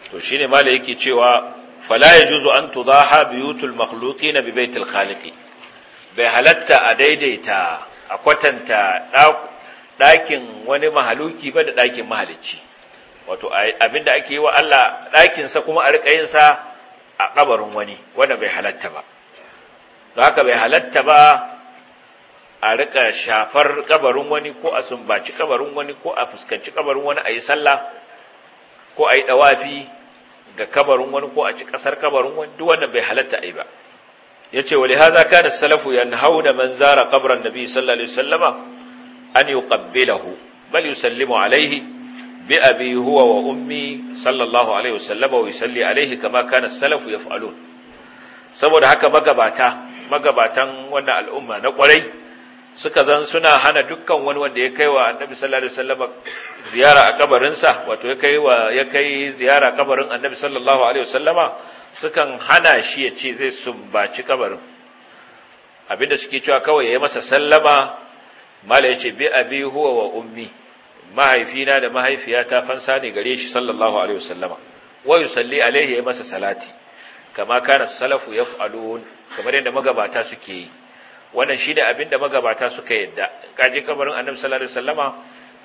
to shine malai yake cewa fala yajuzu an tudaha biyutul makhluqina bi baitil khaliqi bai halatta a daidaita a kwatanta ɗakin wani mahaluki ba da ɗakin mahalicci wato abinda ake yi wa Allah ɗakinsa kuma a riƙayinsa a ƙabarin wani wanda bai halatta ba don haka bai halatta ba a riƙa shafar ƙabarin wani ko a sumbaci ƙabarin wani ko a fuskanci ƙabarin wani a yi sallah ko a yi ɗawafi ga kabarin wani ko a ci kasar kabarin wani duk wannan bai halatta ai ba yace wa lihaza kana salafu yanhauna man zara qabran nabi sallallahu alaihi wasallama an yuqabbilahu bal yusallimu alaihi bi abi huwa wa ummi sallallahu alaihi wasallama wa yusalli alaihi kama kana salafu yaf'alun saboda haka magabata magabatan wannan al'umma na kwarai suka zan suna hana dukkan wani wanda ya kai wa annabi sallallahu alaihi wasallam ziyara a kabarinsa wato ya kai wa ya kai ziyara kabarin annabi sallallahu alaihi wasallama sukan hana shi ya ce zai sumbaci kabarin abinda suke cewa kawai yayi masa sallama mala yace bi abi huwa wa ummi mahaifina da mahaifiyata fansa ne gare shi sallallahu alaihi wasallama wa yusalli alaihi ya masa salati kama kana salafu yaf'alun kamar yadda magabata suke yi wannan shine abin da magabata suka yadda kaje kabarin annabi sallallahu alaihi wasallama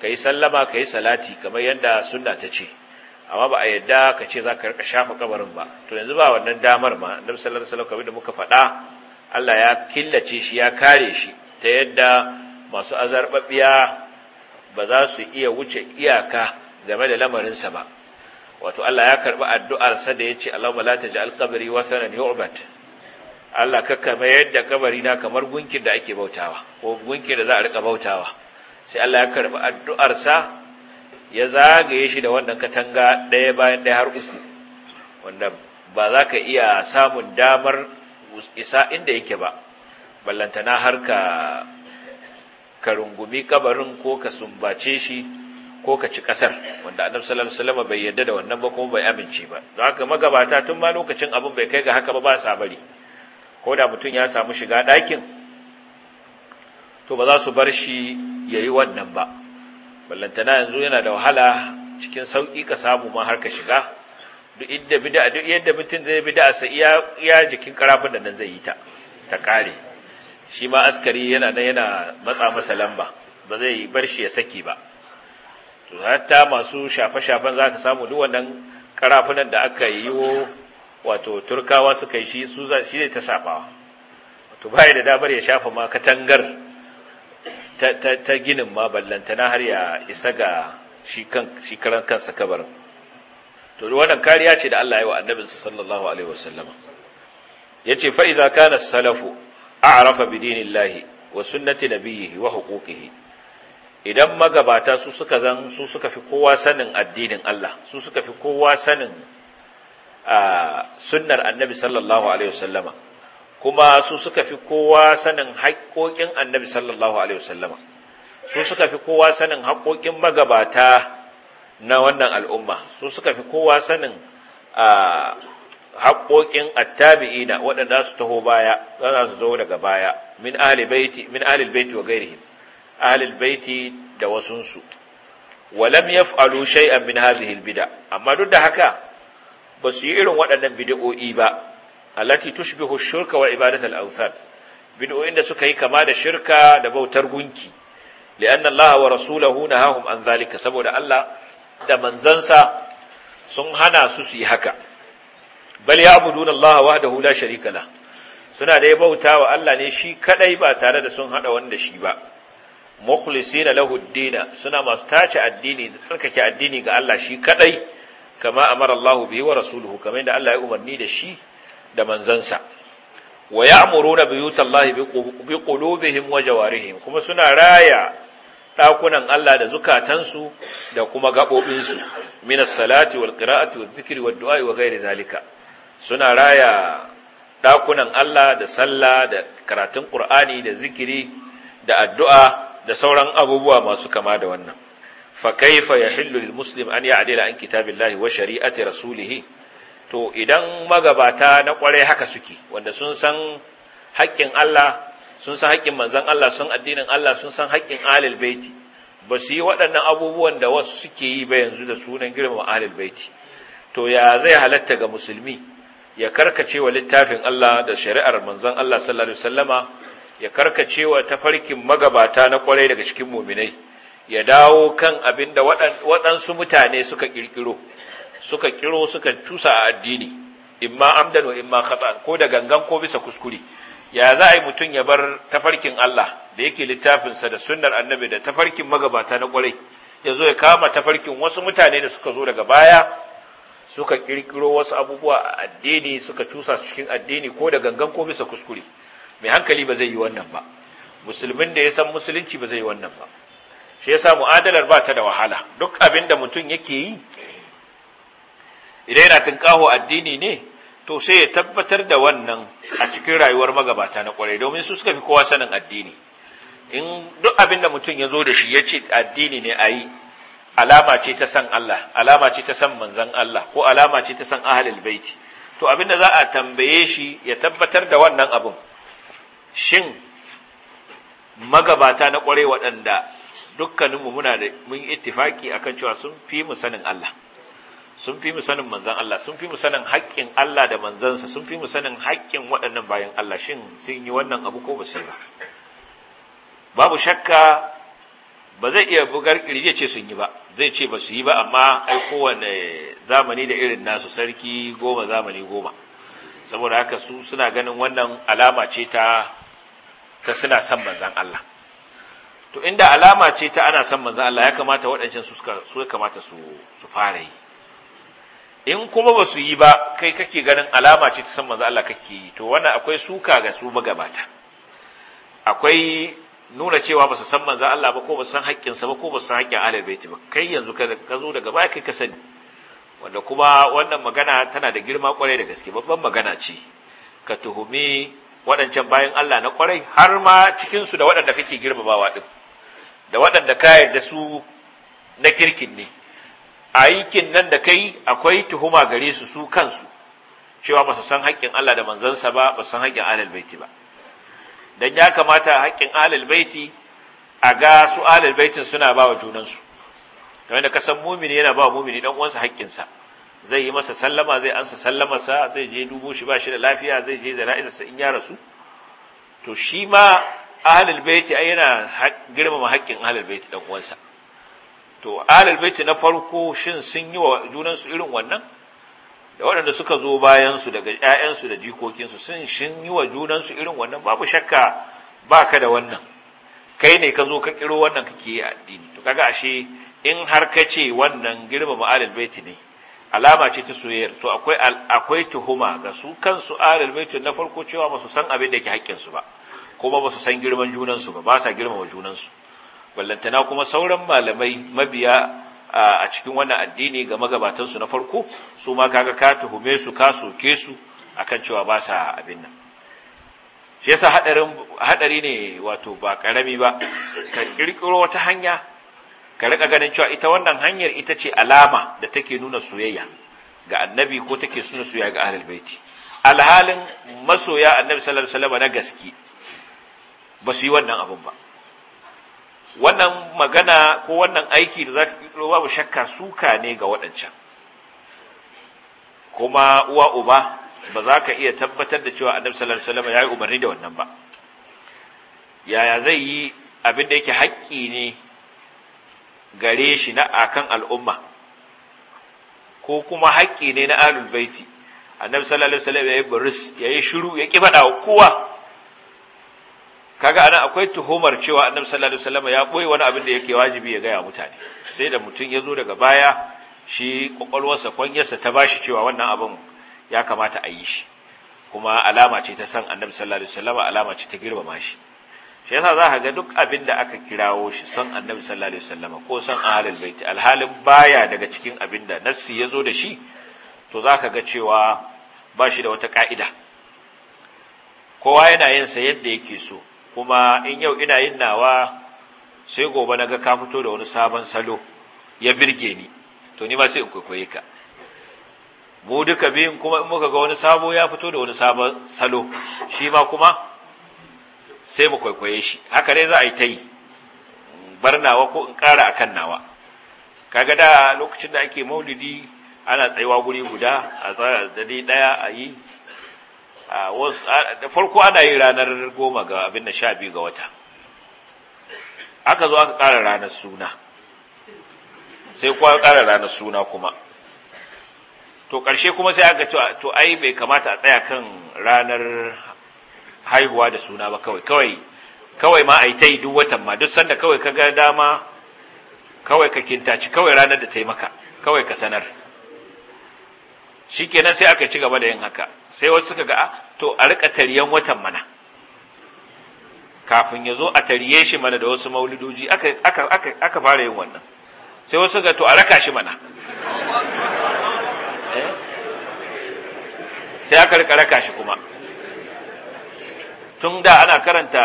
kai sallama kai salati kamar yadda sunna ta ce amma ba a yadda ka ce za ka rika shafa kabarin ba to yanzu ba wannan damar ma annabi sallallahu alaihi wasallam da muka faɗa Allah ya killace shi ya kare shi ta yadda masu azarbabiya ba za su iya wuce iyaka game da lamarinsa ba wato Allah ya karɓi addu'arsa da ya ce Allahumma la taj'al qabri wathanan yu'bad Allah kakka mayar da kabari na kamar gunkin da ake bautawa ko gunkin da za a rika bautawa sai Allah ya karbi addu'arsa ya zagaye shi da wannan katanga ɗaya bayan ɗaya har uku wanda ba za ka iya samun damar isa inda yake ba ballantana har ka ka rungumi kabarin ko ka sumbace shi ko ka ci ƙasar wanda annabi sallallahu alaihi wasallam bai yarda da wannan ba kuma bai amince ba don haka magabata tun ma lokacin abin bai kai ga haka ba ba sa bari ko da mutum ya samu shiga ɗakin to ba za su bar shi ya yi wannan ba ballantana yanzu yana da wahala cikin sauƙi ka samu ma har ka shiga duk inda bida duk yadda mutum zai bida a iya iya jikin karafin da nan zai yi ta ta kare shi ma askari yana nan yana matsa masa lamba ba zai bar shi ya saki ba to hatta masu shafe-shafen ka samu duk wannan karafunan da aka yi wo wato turkawa suka yi shi su shi ne ta safawa wato baya da damar ya shafa ma katangar ta, ginin ma ballantana har ya isa ga shi karan kansa kabarin to wannan kariya ce da Allah ya wa annabinsa sallallahu alaihi wasallam yace fa idza kana salafu a'rafa bi dinillahi wa sunnati nabiyhi wa huquqihi idan magabata su suka zan su suka fi kowa sanin addinin Allah su suka fi kowa sanin sunnar annabi sallallahu alaihi wasallama kuma su suka fi kowa sanin haƙoƙin annabi sallallahu alaihi wasallama su suka fi kowa sanin haƙoƙin magabata na wannan al'umma su suka fi kowa sanin haƙoƙin attabi'ina waɗanda su taho baya za su zo daga baya min ahli baiti wa gairihim ahli baiti da wasunsu walam yaf'alu shay'an min hadhihi bida amma duk da haka ba su yi irin waɗannan bid'o'i ba allati tushbihu shirka wa ibadat al-awthan bid'o'in da suka yi kama da shirka da bautar gunki li'anna Allah wa rasulahu nahahum an zalika saboda Allah da manzansa sun hana su su yi haka bal ya'buduna Allah wahdahu la sharika la suna da bauta wa Allah ne shi kadai ba tare da sun hada wanda shi ba mukhlisina lahu ad suna masu tace addini da tsarkake addini ga Allah shi kadai kama amara Allah bihi wa rasuluhu kamar yadda Allah ya umarni da shi da manzansa wa ya'muruna biyutallahi bi qulubihim wa jawarihim kuma suna raya dakunan Allah da zukatansu da kuma gabobinsu min salati wal qira'ati wadh dhikri wad du'a wa ghairi zalika suna raya dakunan Allah da sallah da karatun Qur'ani da zikiri da addu'a da sauran abubuwa masu kama da wannan fa kaifa للمسلم أن muslim an كتاب an وشريعة wa shari'ati rasulih to idan magabata na kwarai haka suke wanda sun san haƙƙin Allah sun san haƙƙin Allah sun addinin Allah sun san haƙƙin ahlul baiti ba su yi waɗannan abubuwan da wasu suke yi ba yanzu da sunan girmama ahlul baiti to ya zai halatta ga musulmi ya karkace wa littafin Allah da shari'ar manzon Allah sallallahu alaihi wasallama ya karkace wa tafarkin magabata na kwarai daga cikin muminai ya dawo kan abin da waɗansu mutane suka ƙirƙiro suka ƙiro suka cusa a addini imma amdan wa imma khata'an ko da gangan ko bisa kuskure ya za a yi mutum ya bar tafarkin Allah da yake littafinsa da sunnar annabi da tafarkin magabata na ƙwarai ya zo ya kama tafarkin wasu mutane da suka zo daga baya suka ƙirƙiro wasu abubuwa a addini suka cusa su cikin addini ko da gangan ko bisa kuskure mai hankali ba zai yi wannan ba musulmin da ya san musulunci ba zai yi wannan ba shi yasa mu'adalar ba ta da wahala duk abin da mutum yake yi idan yana tunkaho addini ne to sai ya tabbatar da wannan a cikin rayuwar magabata na kwarai domin su suka fi kowa sanin addini in duk abin da mutum ya zo da shi ya ce addini ne a yi alama ce ta san Allah alama ce ta san manzan Allah ko alama ce ta san ahalil baiti to abin da za a tambaye shi ya tabbatar da wannan abin shin magabata na kwarai waɗanda dukkaninmu muna da mun ittifaki akan cewa sun fi mu sanin Allah sun fi mu sanin manzan Allah sun fi mu sanin haƙƙin Allah da manzansa sun fi mu sanin haƙƙin waɗannan bayan Allah shin sun yi wannan abu ko ba su ba babu shakka ba zai iya bugar kirje ce sun yi ba zai ce ba su yi ba amma ai kowane zamani da irin nasu sarki goma zamani goma saboda haka su suna ganin wannan alama ce ta ta suna son manzan Allah to inda alama ce ta ana son manzan Allah ya kamata waɗancan su suka kamata su fara yi in kuma ba su yi ba kai kake ganin alama ce ta san manzan Allah kake yi to wannan akwai suka ga su magabata akwai nuna cewa ba su san manzan Allah ba ko ba su san haƙƙinsa ba ko ba su san haƙƙin ahlul baiti ba kai yanzu ka zo daga baya kai ka sani wanda kuma wannan magana tana da girma kwarai da gaske babban magana ce ka tuhumi waɗancan bayan Allah na kwarai har ma cikinsu da waɗanda kake girmamawa ɗin da waɗanda ka yarda su na kirkin ne a aikin nan da kai akwai tuhuma gare su su kansu cewa ba su san haƙƙin Allah da manzansa ba ba su san haƙƙin alal baiti ba dan ya kamata haƙƙin alal baiti a ga su alal baitin suna ba wa junansu kamar da ka san mumini yana ba mumini dan uwansa haƙƙinsa zai yi masa sallama zai ansa sallama sa, zai je dubo shi ba shi da lafiya zai je sa in ya rasu to shi ma ahalul baiti ai yana girmama hakkin ahalul baiti dan uwansa to ahalul baiti na farko shin sun yi wa junan su irin wannan da waɗanda suka zo bayan su daga ƴaƴan su da jikokin su sun shin yi wa junan su irin wannan babu shakka baka da wannan kai ne ka zo ka kiro wannan kake yi addini to kaga ashe in har ka ce wannan girmama ahalul baiti ne alama ce ta soyayya to akwai akwai tuhuma ga su kansu ahalul baiti na farko cewa ba su san abin da yake haƙƙin su ba Koma ba su san girman junansu ba ba sa girmama junansu ballantana kuma sauran malamai mabiya a cikin wannan addini ga magabatansu na farko su ma kaga ka tuhume su ka soke su akan cewa ba sa abin nan shi yasa hadarin hadari ne wato ba karami ba ka kirkiro wata hanya ka rika ganin cewa ita wannan hanyar ita ce alama da take nuna soyayya ga annabi ko take nuna soyayya ga ahlul baiti alhalin masoya annabi sallallahu alaihi wasallam na gaske ba su yi wannan abin ba wannan magana ko wannan aiki da za ka ƙirƙiro babu shakka suka ne ga waɗancan kuma uwa uba ba za ka iya tabbatar da cewa annabi sallallahu alaihi ya yi umarni da wannan ba yaya zai yi abin da yake haƙƙi ne gare shi na akan al'umma ko kuma haƙƙi ne na ahlul baiti annabi sallallahu alaihi wasallam ya yi buris ya yi shiru ya ƙi faɗa kowa kaga anan akwai tuhumar cewa annabi sallallahu alaihi wasallam ya boye wani abin da yake wajibi ya gaya mutane sai da mutum ya zo daga baya shi kwakwalwarsa kwanyarsa ta bashi cewa wannan abin ya kamata a yi shi kuma alama ce ta san annabi sallallahu alaihi wasallam alama ce ta girmama shi shi yasa za ka ga duk abin da aka kirawo shi san annabi sallallahu alaihi wasallam ko san ahlul bait alhalin baya daga cikin abin da nassi ya zo da shi to za ka ga cewa ba shi da wata ka'ida kowa yana yin sa yadda yake so kuma in yau ina yin nawa sai gobe na ga ka fito da wani sabon salo ya birge ni to ni ma sai in kwaikwaye ka mu duka biyun kuma in muka ga wani sabo ya fito da wani sabon salo shi ma kuma sai mu kwaikwaye shi haka ne za a yi ta yi bar nawa ko in ƙara akan nawa kaga da lokacin da ake maulidi ana tsayuwa guri guda a tsara dai daya a yi da farko ana yi ranar goma ga abin da sha biyu ga wata aka zo aka ƙara ranar suna sai kuwa ƙara ranar suna kuma to ƙarshe kuma sai aka ce to ai bai kamata a tsaya kan ranar haihuwa da suna ba kawai kawai kawai ma a yi ta yi duk watan ma duk sanda kawai ka ga dama kawai ka kintaci kawai ranar da taimaka, kawai ka sanar shikenan sai aka ci gaba da yin haka sai wasu suka ga ah, to a rika tariyan watan mana kafin ya zo a tariye shi mana da wasu maulidoji aka aka aka fara yin wannan sai wasu ga to a raka shi mana eh? sai aka rika raka shi kuma tun da ana karanta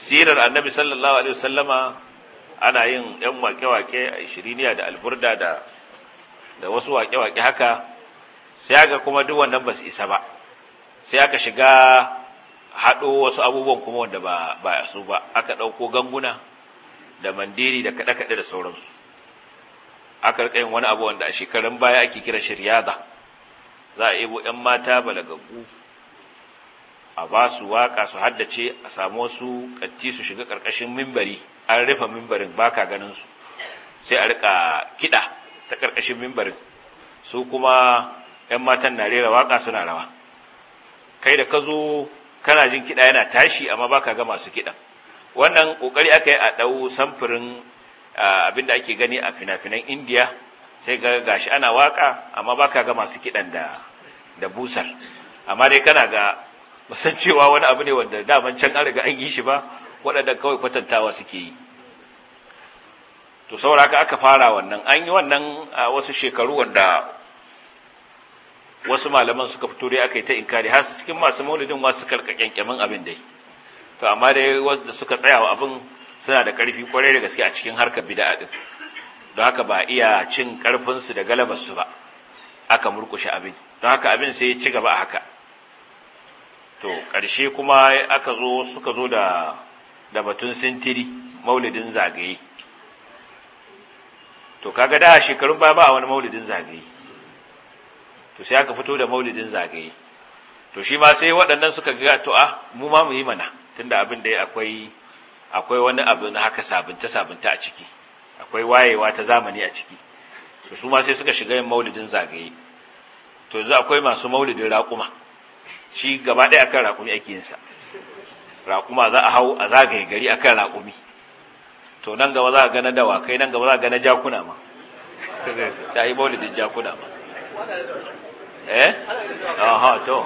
sirar annabi sallallahu alaihi wasallama ana yin yan wake-wake a ishiriniya da alburda da da wasu waƙe-waƙe haka sai aka kuma duk wannan ba su isa ba sai aka shiga haɗo wasu abubuwan kuma wanda ba ba su ba aka ɗauko ganguna da mandiri da kaɗe-kaɗe da sauransu aka rika yin wani abu wanda a shekarun baya ake kiran shiryada za a ibo 'yan mata balagaggu a ba su waƙa su haddace a samu wasu ƙatti su shiga ƙarƙashin mimbari an rufe mimbarin baka ka ganin su sai a rika kiɗa ta karkashin mimbarin su kuma yan matan na rera waka suna rawa kai da ka zo kana jin kiɗa yana tashi amma baka ga masu kiɗan wannan kokari aka yi a ɗau samfurin abinda ake gani a fina-finan indiya sai ga gashi ana waka amma baka ga masu kiɗan da busar amma dai kana ga basan cewa wani abu ne wanda daman can an riga an yi shi ba waɗanda kawai kwatantawa suke yi to saboda aka fara wannan an yi wannan a wasu shekaru wanda wasu malaman suka fito dai aka yi ta inkari har cikin masu maulidin ma suka kyankyamin abin dai to amma dai wasu da suka tsaya wa abin suna da ƙarfi kwarai da gaske a cikin harkar bid'a din don haka ba iya cin ƙarfinsu da galabarsu ba aka murkushe abin don haka abin sai ci gaba a haka to ƙarshe kuma aka zo suka zo da da batun sintiri maulidin zagaye to kaga da shekarun baya ba a wani maulidin zagaye to sai aka fito da maulidin zagaye to shi ma sai waɗannan suka ga to a ah, mu ma mu yi mana tunda abin da akwai akwai wani abu na haka sabunta sabunta a ciki akwai wayewa ta zamani a ciki to su ma sai suka shiga yin maulidin zagaye to yanzu akwai masu maulidin raƙuma shi gaba ɗaya akan raƙumi ake yinsa raƙuma za a hau a zagaye gari akan raƙumi to nan gaba za a gane na dawakai nan gaba za a gane jakuna ma ta yi maulidin jakuna ma eh to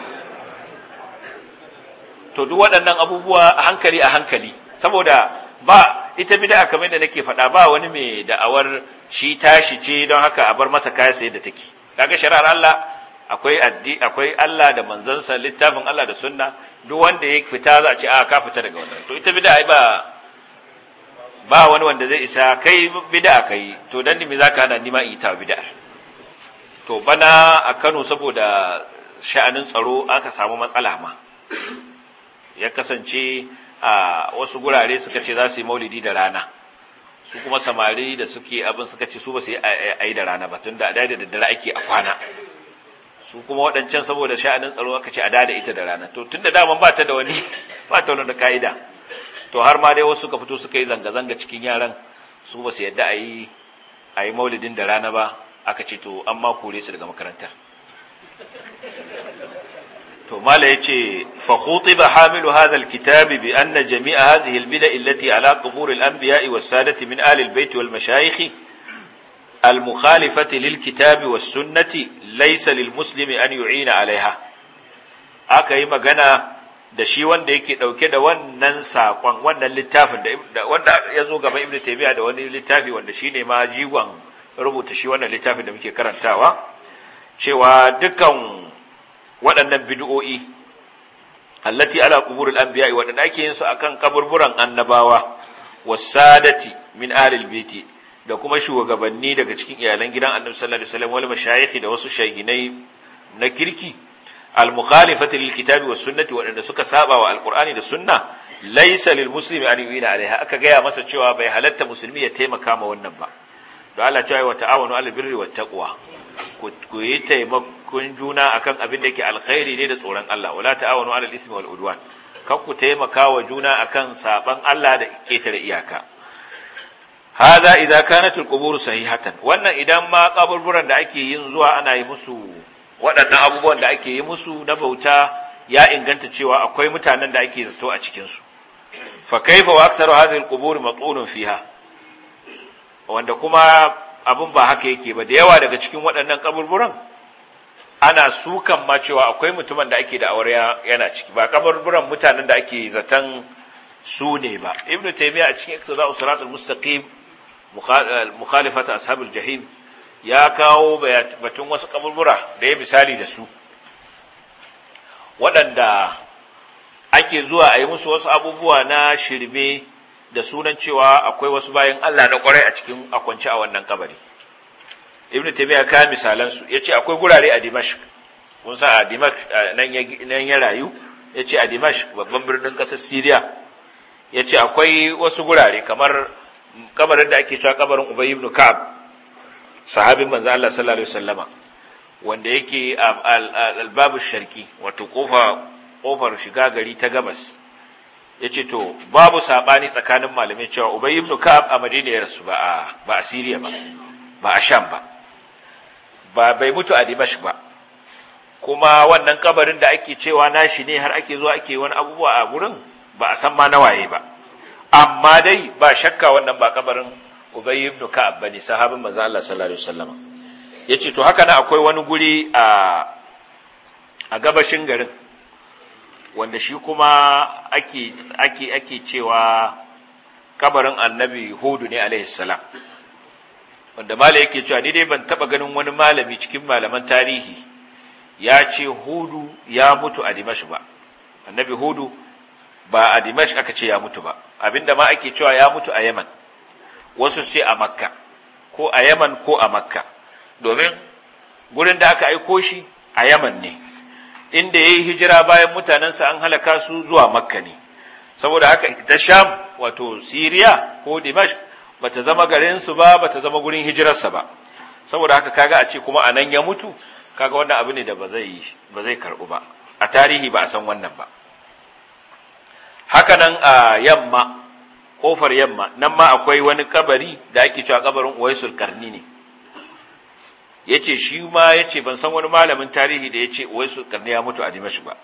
to duk waɗannan abubuwa a hankali a hankali saboda ba ita bid'a kamar da nake faɗa ba wani mai da'awar shi tashi ce don haka a bar masa kaya sai da take kaga shari'ar Allah akwai addi akwai Allah da manzansa littafin Allah da sunna duk wanda ya fita za a ce a ah, ka fita daga wannan to ita bid'a ba ba wani wanda zai isa kai bid'a kai to dan me ka hana ni ma in bid'a to bana a Kano saboda sha'anin tsaro aka samu matsala ma ya kasance a wasu gurare suka ce za su yi maulidi da rana su kuma samari da suke abin suka ce su ba su yi da rana ba tun da da dare ake a kwana su kuma waɗancan saboda sha'anin tsaro aka ce a da ita da rana to tun da daman ba ta da wani ba ta wani da ka'ida to har ma dai wasu suka fito suka yi zanga-zanga cikin yaran su ba su yadda a yi a yi maulidin da rana ba aka ce to an ma kore su daga makarantar to mala ya ce fa khutiba hamilu hadha alkitabi bi anna jami'a hadhihi albida allati ala qubur alanbiya'i was-sadati min ahli albayt wal mashayikh kitabi للكتاب والسنة ليس للمسلم an يعين عليها aka yi magana da shi wanda yake dauke da wannan sakon wannan littafin da wanda ya zo gaban ibnu taymiya da wani littafi wanda shine ma jigon rubuta shi wannan littafin da muke karantawa cewa dukan waɗannan bid'o'i allati ala quburil an waɗanda ake yin su akan kaburburan annabawa wasadati min alil baiti da kuma shugabanni daga cikin iyalan gidan annabi sallallahu alaihi wasallam wal mashayikh da wasu shahinai na kirki al-mukhalifati lil kitabi was sunnati suka saba wa alqur'ani da sunna laysa Musulmi muslimi an yu'ina aka gaya masa cewa bai halatta musulmi ya taimaka ma wannan ba don Allah cewa wa ta'awanu alal birri wat taqwa ku yi taimakon juna akan abin da yake alkhairi ne da tsoron Allah wala ta'awanu alal ismi wal udwan kan ku taimaka wa juna akan saban Allah da ketare iyaka hadha idza kanat al qubur sahihatan wannan idan ma kaburburan da ake yin zuwa ana yi musu waɗannan abubuwan da ake yi musu na bauta ya inganta cewa akwai mutanen da ake zato a cikinsu fa kaifa wa aksaru hadhihi alqubur maqulun fiha wanda kuma abun ba haka yake ba da yawa daga cikin waɗannan kaburburan ana sukan ma cewa akwai mutumin da ake da aure yana ciki ba kaburburan mutanen da ake zaton su ne ba ibnu taymiya a cikin iktida'us siratul mustaqim mukhalifata ashabul jahim ya kawo batun wasu kaburbura da ya misali da su waɗanda ake zuwa a yi musu wasu abubuwa na shirme da sunan cewa akwai wasu bayan Allah na ƙwarai a cikin akwanci a wannan kabari ibn ya kawo misalan su ce akwai gurare a dimashik kun sa a dimashik nan ya rayu? ya ce a dimashik babban birnin ƙasar Syria ce akwai wasu gurare kamar kabarin da ake cewa kabarin Ubay ibn Ka'ab sahabin manzo Allah sallallahu alaihi wasallama wanda yake um, albabu sharqi wato kofa kofar shiga gari ta gabas yace to babu sabani tsakanin malamai cewa Ubay ibn Ka'ab a Madina ya rasu ba a ba a ba ba a Sham ba ba bai mutu a Dimash ba kuma wannan kabarin da ake cewa nashi ne har ake zuwa ake wani abubuwa a gurin ba a san ma na waye ba amma dai ba shakka wannan ba kabarin Ubay ibn Ka'ab bane sahabin manzo Allah sallallahu alaihi wasallam yace to haka na akwai wani guri a a gabashin garin wanda shi kuma ake ake ake cewa kabarin Annabi Hudu ne alaihi salam wanda malai yake cewa ni dai ban taba ganin wani malami cikin malaman tarihi ya ce Hudu ya mutu a Dimash ba Annabi Hudu ba a Dimash aka ce ya mutu ba abinda ma ake cewa ya mutu a Yaman wasu ce a makka ko a yaman ko a makka domin gurin da aka aiko shi a yaman ne inda ya yi hijira bayan mutanensa an halaka su zuwa makka ne saboda haka ita sham wato siriya ko dimash bata zama garinsu ba bata zama gurin hijirarsa ba saboda haka kaga a ce kuma a nan ya mutu kaga wannan abu ne da ba zai karɓu ba a tarihi ba a san wannan ba haka nan a yamma kofar yamma nan ma akwai wani kabari da ake cewa kabarin uwaisul karni ne yace shi ma yace ban san wani malamin tarihi da yace uwaisul karni ya mutu a Dimashq ba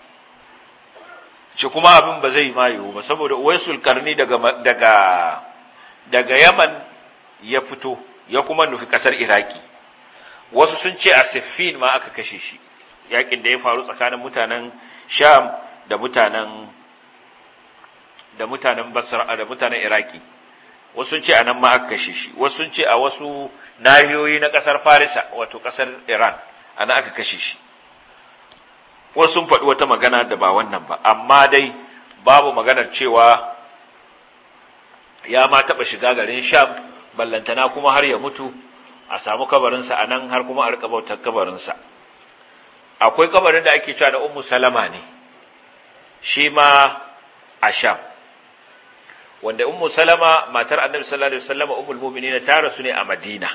ce kuma abin ba zai ma ba saboda uwaisul karni daga daga daga yaman ya fito ya kuma nufi kasar iraki wasu sun ce a siffin ma aka kashe shi yakin da ya faru tsakanin mutanen sham da mutanen da mutanen basra da mutanen iraki wasu ce a nan ma aka kashe shi wasu ce a wasu nahiyoyi na kasar farisa wato kasar iran a nan aka kashe shi wasu sun faɗi wata magana da ba wannan ba amma dai babu maganar cewa ya ma taɓa shiga garin sham ballantana kuma har ya mutu a samu kabarinsa a nan har kuma a rika bautar kabarinsa akwai kabarin da ake cewa da ummu salama ne shi ma a sham wanda ummu salama matar annabi sallallahu alaihi wasallam ummul mu'minin ta rasu ne a madina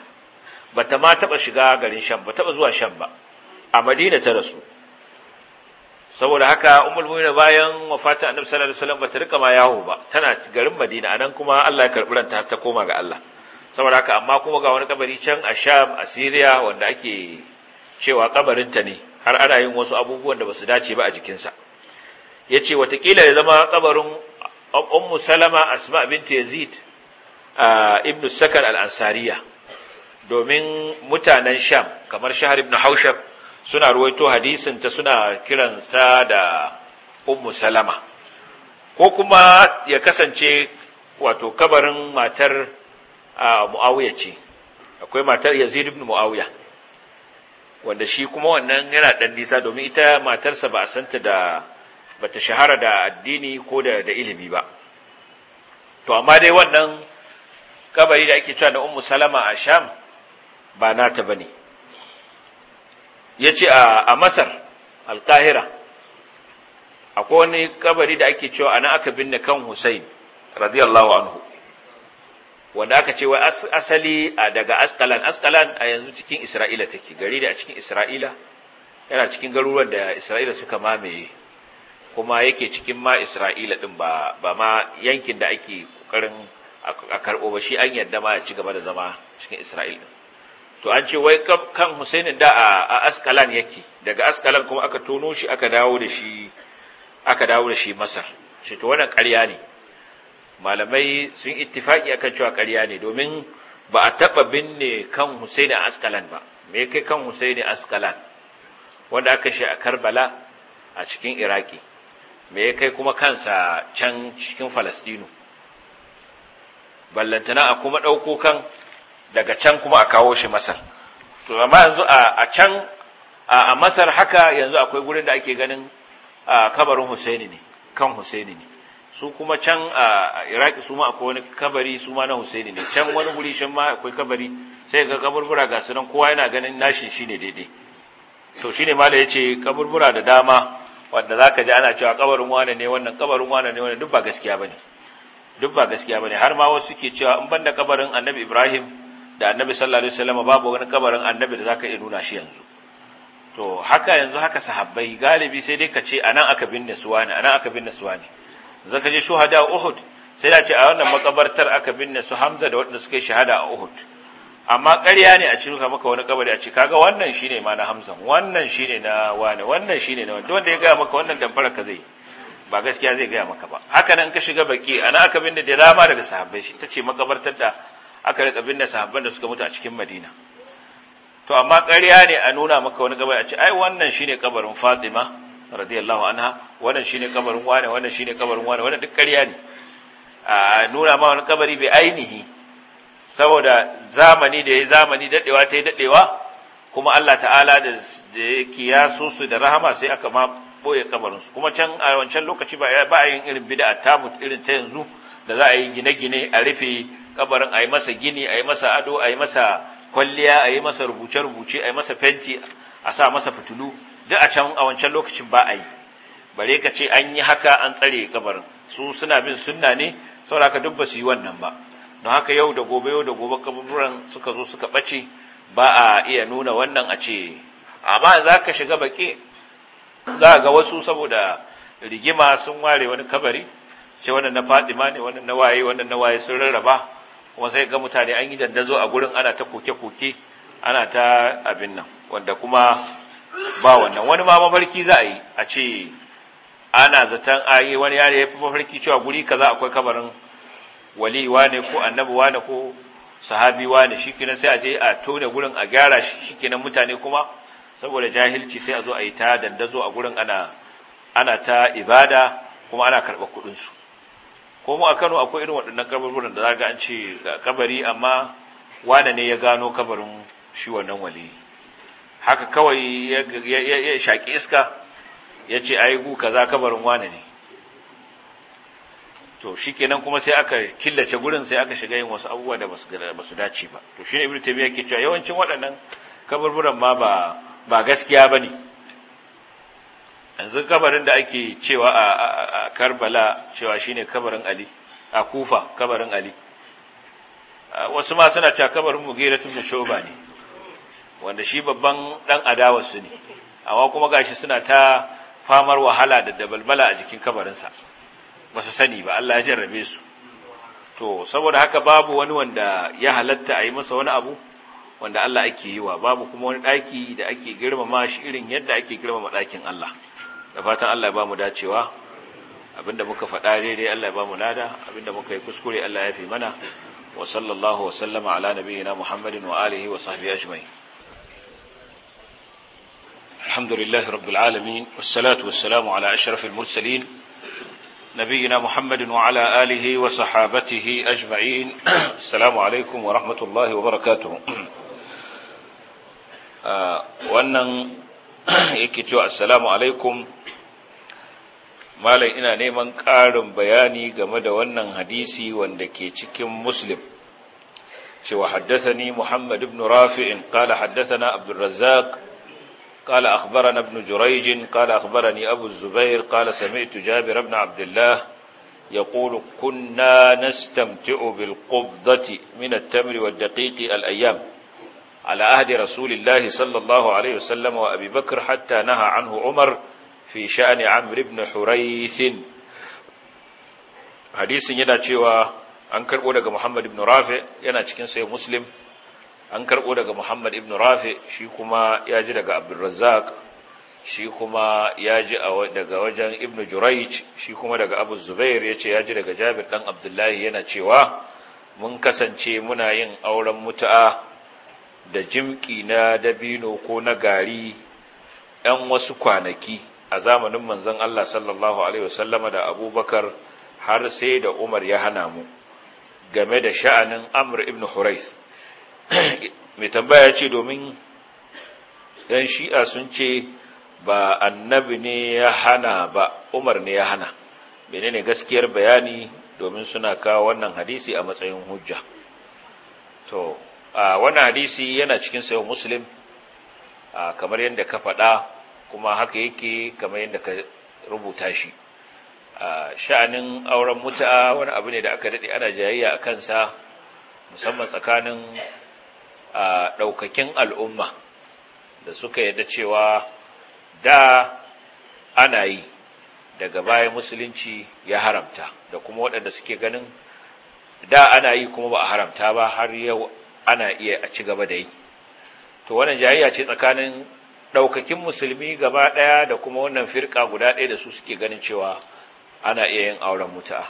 bata ma taba shiga garin sham ba taba zuwa sham ba a madina ta rasu saboda haka ummul mu'minin bayan wafatin annabi sallallahu alaihi wasallam bata rika ma yawo ba tana garin madina anan kuma Allah ya karbi ranta ta koma ga Allah saboda haka amma kuma ga wani kabari can a sham a syria wanda ake cewa kabarinta ne har ana yin wasu abubuwan da basu dace ba a jikinsa ya ce watakila ya zama kabarin ummu salama asma bint yazid ibn sakar al-ansariya domin mutanen sham kamar shahar ibn haushab suna ruwaito hadisin ta suna kiransa da ummu salama ko kuma ya kasance wato kabarin matar muawiya ce akwai matar yazid ibn muawiya wanda shi kuma wannan yana ɗan nisa domin ita matarsa ba a santa da bata shahara da addini ko da da ilimi ba to amma dai wannan kabari da ake cewa na ummu salama a sham ba nata bane yace a a masar alqahira akwai wani kabari da ake cewa ana aka binne kan husain radiyallahu anhu wanda aka ce wai asali daga askalan askalan a yanzu cikin isra'ila take gari da a cikin isra'ila yana cikin garuruwan da isra'ila suka mamaye kuma yake cikin ma Isra'ila ɗin ba ba ma yankin da ake kokarin a karbo ba shi an yarda ma ya ci gaba da zama cikin Isra'ila. to an ce wai kan Husainin da a Askalan yake daga Askalan kuma aka tono shi aka dawo da shi aka dawo da shi Masar shi to wannan ƙarya ne malamai sun ittifaki akan cewa ƙarya ne domin ba a taɓa binne kan Husaini a Askalan ba me kai kan Husaini Askalan wanda aka shi a Karbala a cikin Iraki me ya kai kuma kansa can cikin falastinu ballantana a kuma ɗauko kan daga can kuma a kawo shi masar to amma yanzu a can a masar haka yanzu akwai gurin da ake ganin kabarin husaini ne kan husaini ne su kuma can a iraki su ma akwai wani kabari su ma na husaini ne can wani guri shan ma akwai kabari sai ga kaburbura ga su nan kowa yana ganin nashin ne daidai to ma mala ya ce kaburbura da dama wanda ka ji ana cewa kabarin wane ne wannan kabarin wane ne wannan duk ba gaskiya bane duk ba gaskiya bane har ma wasu suke cewa in banda kabarin Annabi Ibrahim da Annabi sallallahu alaihi wasallam babu wani kabarin Annabi da za iya nuna shi yanzu to haka yanzu haka sahabbai galibi sai dai ka ce anan aka binne su a anan aka binne su za zaka je shuhada Uhud sai da ce a wannan makabartar aka binne su Hamza da waɗanda suka yi shahada a Uhud amma ƙarya ne a cinuka maka wani kabari a ci kaga wannan shine ma na hamsan wannan shine na wane wannan shine na wanda ya gaya maka wannan damfara ka zai ba gaskiya zai gaya maka ba haka nan ka shiga baki ana aka binne da dama daga sahabbai shi ce makabartar da aka rika binne sahabban da suka mutu a cikin Madina to amma ƙarya ne a nuna maka wani kabari a cikin ai wannan shine kabarin Fatima radiyallahu anha wannan shine kabarin wane wannan shine kabarin wane wannan duk ƙarya ne a nuna ma wani kabari bai ainihi saboda zamani da ya zamani daɗewa ta yi daɗewa kuma Allah ta'ala da yake ya su da rahama sai aka ma ɓoye kabarinsu kuma can a wancan lokaci ba a yin irin bida ta irin ta yanzu da za a yi gine-gine a rufe kabarin a yi masa gini a yi masa ado a yi masa kwalliya a yi masa rubuce-rubuce a yi masa fenti a sa masa fitilu duk a can a wancan lokacin ba a yi bare ka ce an yi haka an tsare kabarin su suna bin sunna ne saboda haka duk ba su yi wannan ba don haka yau da gobe yau da gobe kaburburan suka zo suka ɓace ba a iya nuna wannan a ce amma za ka shiga baƙi za ga wasu saboda rigima sun ware wani kabari ce wannan na fadima ne wannan na waye wannan na waye sun rarraba kuma sai ga mutane an yi dandazo a gurin ana ta koke-koke ana ta abin nan wanda kuma ba wannan wani ma mafarki za a yi a ce ana zaton ayi wani yare ya fi mafarki cewa guri kaza akwai kabarin wali wane ko annabi wane ko sahabi wane shikenan sai a je a tona gurin a gyara shi shikenan mutane kuma saboda jahilci sai a zo a yi ta dandazo a gurin ana ana ta ibada kuma ana karɓar kuɗin su ko mu a Kano akwai irin waɗannan kabarburan da za ga an ce kabari amma wane ne ya gano kabarin shi wannan wali haka kawai ya shaƙi iska ya ce ai gu kaza kabarin wane ne to shi kenan kuma sai aka killace gurin sai aka shiga yin wasu abubuwa da basu dace ba to shine ibnu tabiya ke cewa yawancin waɗannan kaburburan ma ba ba gaskiya bane yanzu kabarin da ake cewa a Karbala cewa shine kabarin Ali a Kufa kabarin Ali wasu ma suna cewa kabarin Mughira da shoba ne wanda shi babban dan adawarsu ne amma kuma gashi suna ta famar wahala da dabalbala a jikin kabarinsa sa ba su sani ba Allah ya jarrabe su to saboda haka babu wani wanda ya halatta a yi masa wani abu wanda Allah ake yi wa babu kuma wani ɗaki da ake girmama shi irin yadda ake girmama ɗakin Allah da fatan Allah ya ba mu dacewa abinda muka faɗa daidai Allah ya ba mu lada abinda muka yi kuskure Allah ya fi mana wa sallallahu wa sallama ala nabiyyina Muhammadin wa alihi wa sahbihi ajma'in alhamdulillahi rabbil alamin wassalatu wassalamu ala ashrafil mursalin نبينا محمد وعلى آله وصحابته أجمعين السلام عليكم ورحمة الله وبركاته wannan yake cewa assalamu alaikum malam ina neman ƙarin bayani game da wannan hadisi wanda ke cikin muslim cewa haddathani muhammad ibn rafi'in qala haddathana abdurrazzaq قال أخبرنا ابن جريج قال أخبرني أبو الزبير قال سمعت جابر بن عبد الله يقول كنا نستمتع بالقبضة من التمر والدقيق الأيام على عهد رسول الله صلى الله عليه وسلم وأبي بكر حتى نهى عنه عمر في شأن عمرو بن حريث حديث ينا cewa an karbo daga Muhammad ibn Rafi yana cikin sai Muslim an karɓo daga muhammad ibn rafi shi kuma ya ji daga abdulrazzaq shi kuma ya ji daga wajen ibn juraic shi kuma daga abu zubair ya ce ya ji daga jabir ɗan abdullahi yana cewa mun kasance muna yin auren mutu'a da jimki na dabino ko na gari ɗan wasu kwanaki a zamanin manzon Allah sallallahu Alaihi wasallama da abubakar har sai da Umar ya hana mu game da sha'anin Amr ibn Huraith mai tambaya ce domin ɗan shi'a sun ce ba annabi ne ya hana ba umar ne ya hana menene gaskiyar bayani domin suna kawo wannan hadisi a matsayin hujja to a wannan hadisi yana cikin sayo muslim a kamar yadda ka faɗa kuma haka yake kamar yadda ka rubuta shi a sha'anin auren mutu'a wani abu ne da aka daɗe ana jayayya a kansa musamman tsakanin ɗaukakin al'umma da suka yadda cewa da ana yi daga baya musulunci ya haramta da kuma waɗanda suke ganin da ana yi kuma ba a haramta ba har yau ana iya a ci gaba da yi to wannan jayayya ce tsakanin ɗaukakin musulmi gaba ɗaya da kuma wannan firka guda ɗaya da su suke ganin cewa ana iya yin auren mutu'a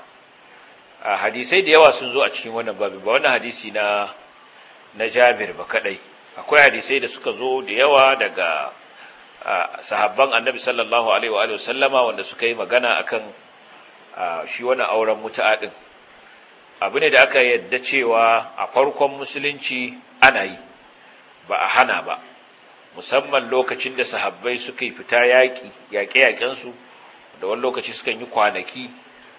hadisai da yawa sun zo a cikin wannan babin ba wannan hadisi na na jabir ba kadai akwai hadisai da suka zo da yawa daga sahabban annabi sallallahu alaihi wa sallama wanda suka yi magana akan shi wani auren mutu'a din abu ne da aka yadda cewa a farkon musulunci ana yi ba a hana ba musamman lokacin da sahabbai suka yi fita yaƙi yaƙe-yaƙensu da wani lokaci suka yi kwanaki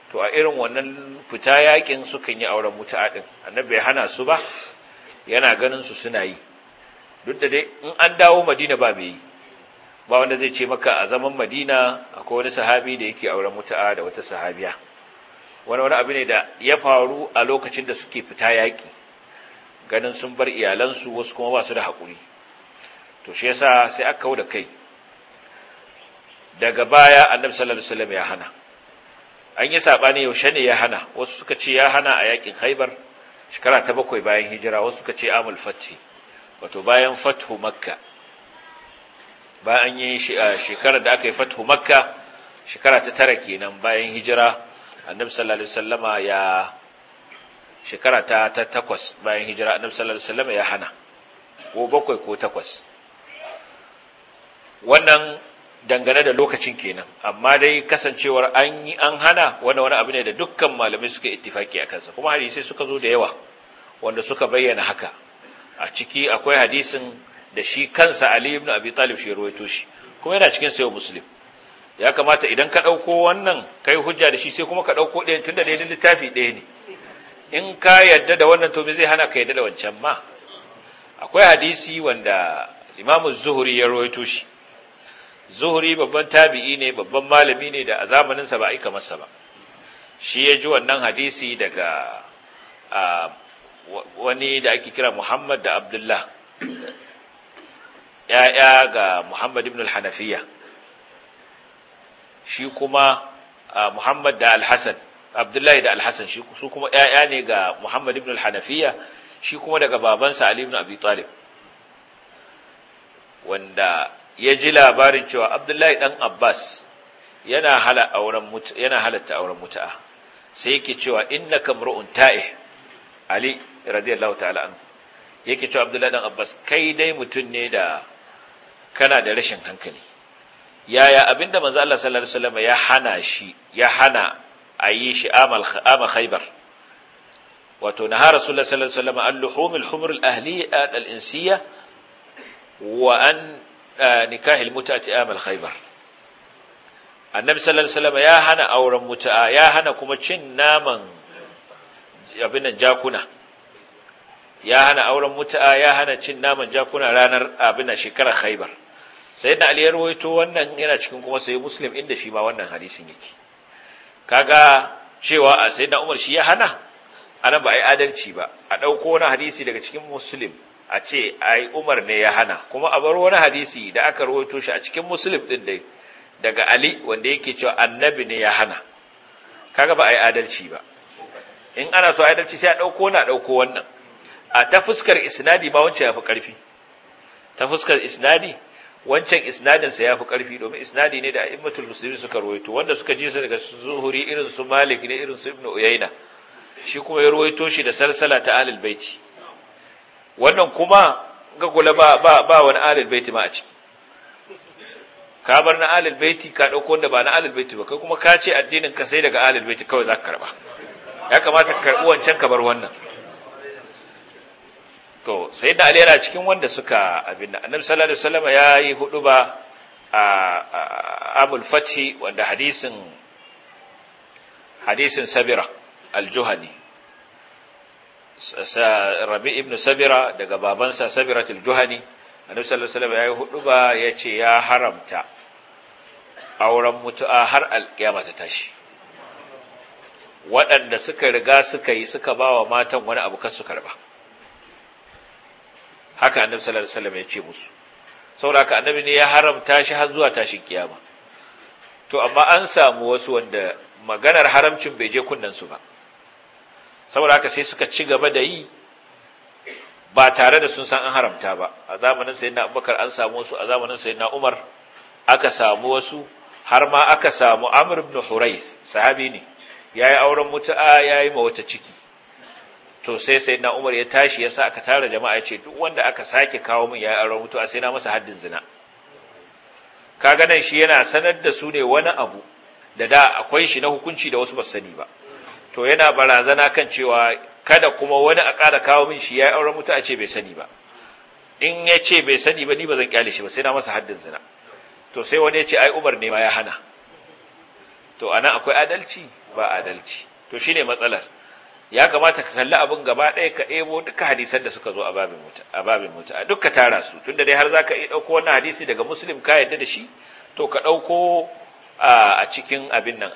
to a irin wannan fita yaƙin sukan yi auren mutu'a din annabi ya hana su ba yana ganin su suna yi duk da dai in an dawo madina ba mai yi ba wanda zai ce maka a zaman madina akwai wani sahabi da yake auren mutu'a da wata sahabiya wani wani abu ne da ya faru a lokacin da suke fita yaƙi ganin sun bar iyalansu wasu kuma ba su da haƙuri to shi yasa sai aka kawo da kai daga baya annabi sallallahu alaihi wasallam ya hana an yi sabani yaushe ne ya hana wasu suka ce ya hana a yaƙin haibar shekara ta bakwai bayan hijira wasu suka ce amul fathi wato bayan fathu makka bayan yin shekara da aka yi fathu makka shekara ta tara kenan bayan hijira annabi sallallahu alaihi wasallama ya shekara ta ta takwas bayan hijira annabi sallallahu alaihi wasallama ya hana ko bakwai ko takwas wannan dangane da lokacin kenan amma dai kasancewar an yi an hana wanda wani abu ne da dukkan malamai suka ittifaki a kansa kuma hadisai suka zo da yawa wanda suka bayyana haka a ciki akwai hadisin da shi kansa Ali ibn Abi Talib shi rawaito shi kuma yana cikin sayyid Muslim ya kamata idan ka dauko wannan kai hujja da shi sai kuma ka dauko ɗaya tunda da littafi ɗaya ne in ka yadda da wannan to me zai hana ka yadda da wancan ma akwai hadisi wanda Imam Zuhri ya rawaito shi zuhuri babban tabi'i ne babban malami ne da a zamaninsa ba aika masa ba shi ya ji wannan hadisi daga wani da ake kira muhammad da abdullah ya'ya ga muhammad ibn al-hanafiya shi kuma muhammad da al hassan abdullahi da al-hasan su kuma ya'ya ne ga muhammad ibn al-hanafiya shi kuma daga babansa ali ibn abi talib wanda ya ji labarin cewa abdullahi ɗan abbas yana halatta auren mutu'a sai yake cewa inna kamru'un ta'ih ali radiyallahu ta'ala an yake cewa abdullahi ɗan abbas kai dai mutum ne da kana da rashin hankali yaya abinda manzo Allah sallallahu alaihi ya hana shi ya hana a yi shi amal khaybar wato na rasulullah sallallahu alaihi wasallam al-luhum al-humr al-ahliyya al-insiyya wa an nikahil mut'ati amal khaibar annabi sallallahu alaihi ma ya hana auren mut'a ya hana cin naman abin jakuna ya hana auren mut'a ya hana cin naman jakuna ranar abin nan shekarar khaybar sayyidina ali ya rawaito wannan yana cikin kuma sai muslim inda shi ma wannan hadisin yake Ka ga cewa a sayyidina umar shi ya hana anan ba a yi adalci ba a ɗauko wani hadisi daga cikin muslim a ce ai Umar ne ya hana kuma a bar wani hadisi da aka rawaito shi a cikin Muslim din dai daga Ali wanda yake cewa annabi ne ya hana kaga ba ai adalci ba in ana so adalci sai a dauko na dauko wannan a ta fuskar isnadi ba wancan yafi karfi ta fuskar isnadi wancan isnadin sa yafi karfi domin isnadi ne da a'immatul muslimin suka rawaito wanda suka ji daga Zuhuri irin su Malik ne irin su ibnu Uyayna shi kuma ya rawaito shi da salsala ta Ahlul Baiti wannan kuma ga kula ba ba ba wani alil baiti ma a ciki ka bar na alil baiti ka dauko wanda ba na alil baiti ba kai kuma ka ce addinin ka sai daga alil baiti kawai zaka karba ya kamata ka karbi wancan ka bar wannan to sai da alera cikin wanda suka abin da annabi sallallahu alaihi wasallam yi hudu ba a abul fathi wanda hadisin hadisin sabira al-juhani rabi ibn sabira daga babansa sabiratul juhani annabi sallallahu alaihi wasallam ya yi ba, ya ce ya haramta auren mutu'a har alƙiyama ta tashi waɗanda suka riga suka yi suka ba wa matan wani abu kan su karba haka annabi sallallahu alaihi wasallam ya ce musu saboda haka annabi ne ya haramta shi har zuwa tashin kiyama to amma an samu wasu wanda maganar haramcin bai je kunnen su ba saboda haka sai suka ci gaba da yi ba tare da sun san an haramta ba a zamanin sayyidina abubakar an samu wasu a zamanin sayyidina umar aka samu wasu har ma aka samu amr ibn hurais sahabi ne yayi auren mutu'a yayi ma wata ciki to sai sayyidina umar ya tashi yasa aka tara jama'a ya ce duk wanda aka sake kawo min yayi auren mutu'a sai na masa haddin zina kaga nan shi yana sanar da su ne wani abu da da akwai shi na hukunci da wasu ba sani ba to yana barazana kan cewa kada kuma wani a ƙara kawo min shi ya yi auren mutu a ce bai sani ba in ya ce bai sani ba ni ba zan kyale shi ba sai na masa haddin zina to sai wani ya ce ai umar ne ma ya hana to ana akwai adalci ba adalci to shine matsalar ya kamata ka kalli abin gaba ɗaya ka ɗebo duka hadisan da suka zo a babin mutu a babin mutu a duka tara su tunda dai har za ka iya ɗauko wannan hadisi daga muslim ka yadda da shi to ka ɗauko a cikin abin nan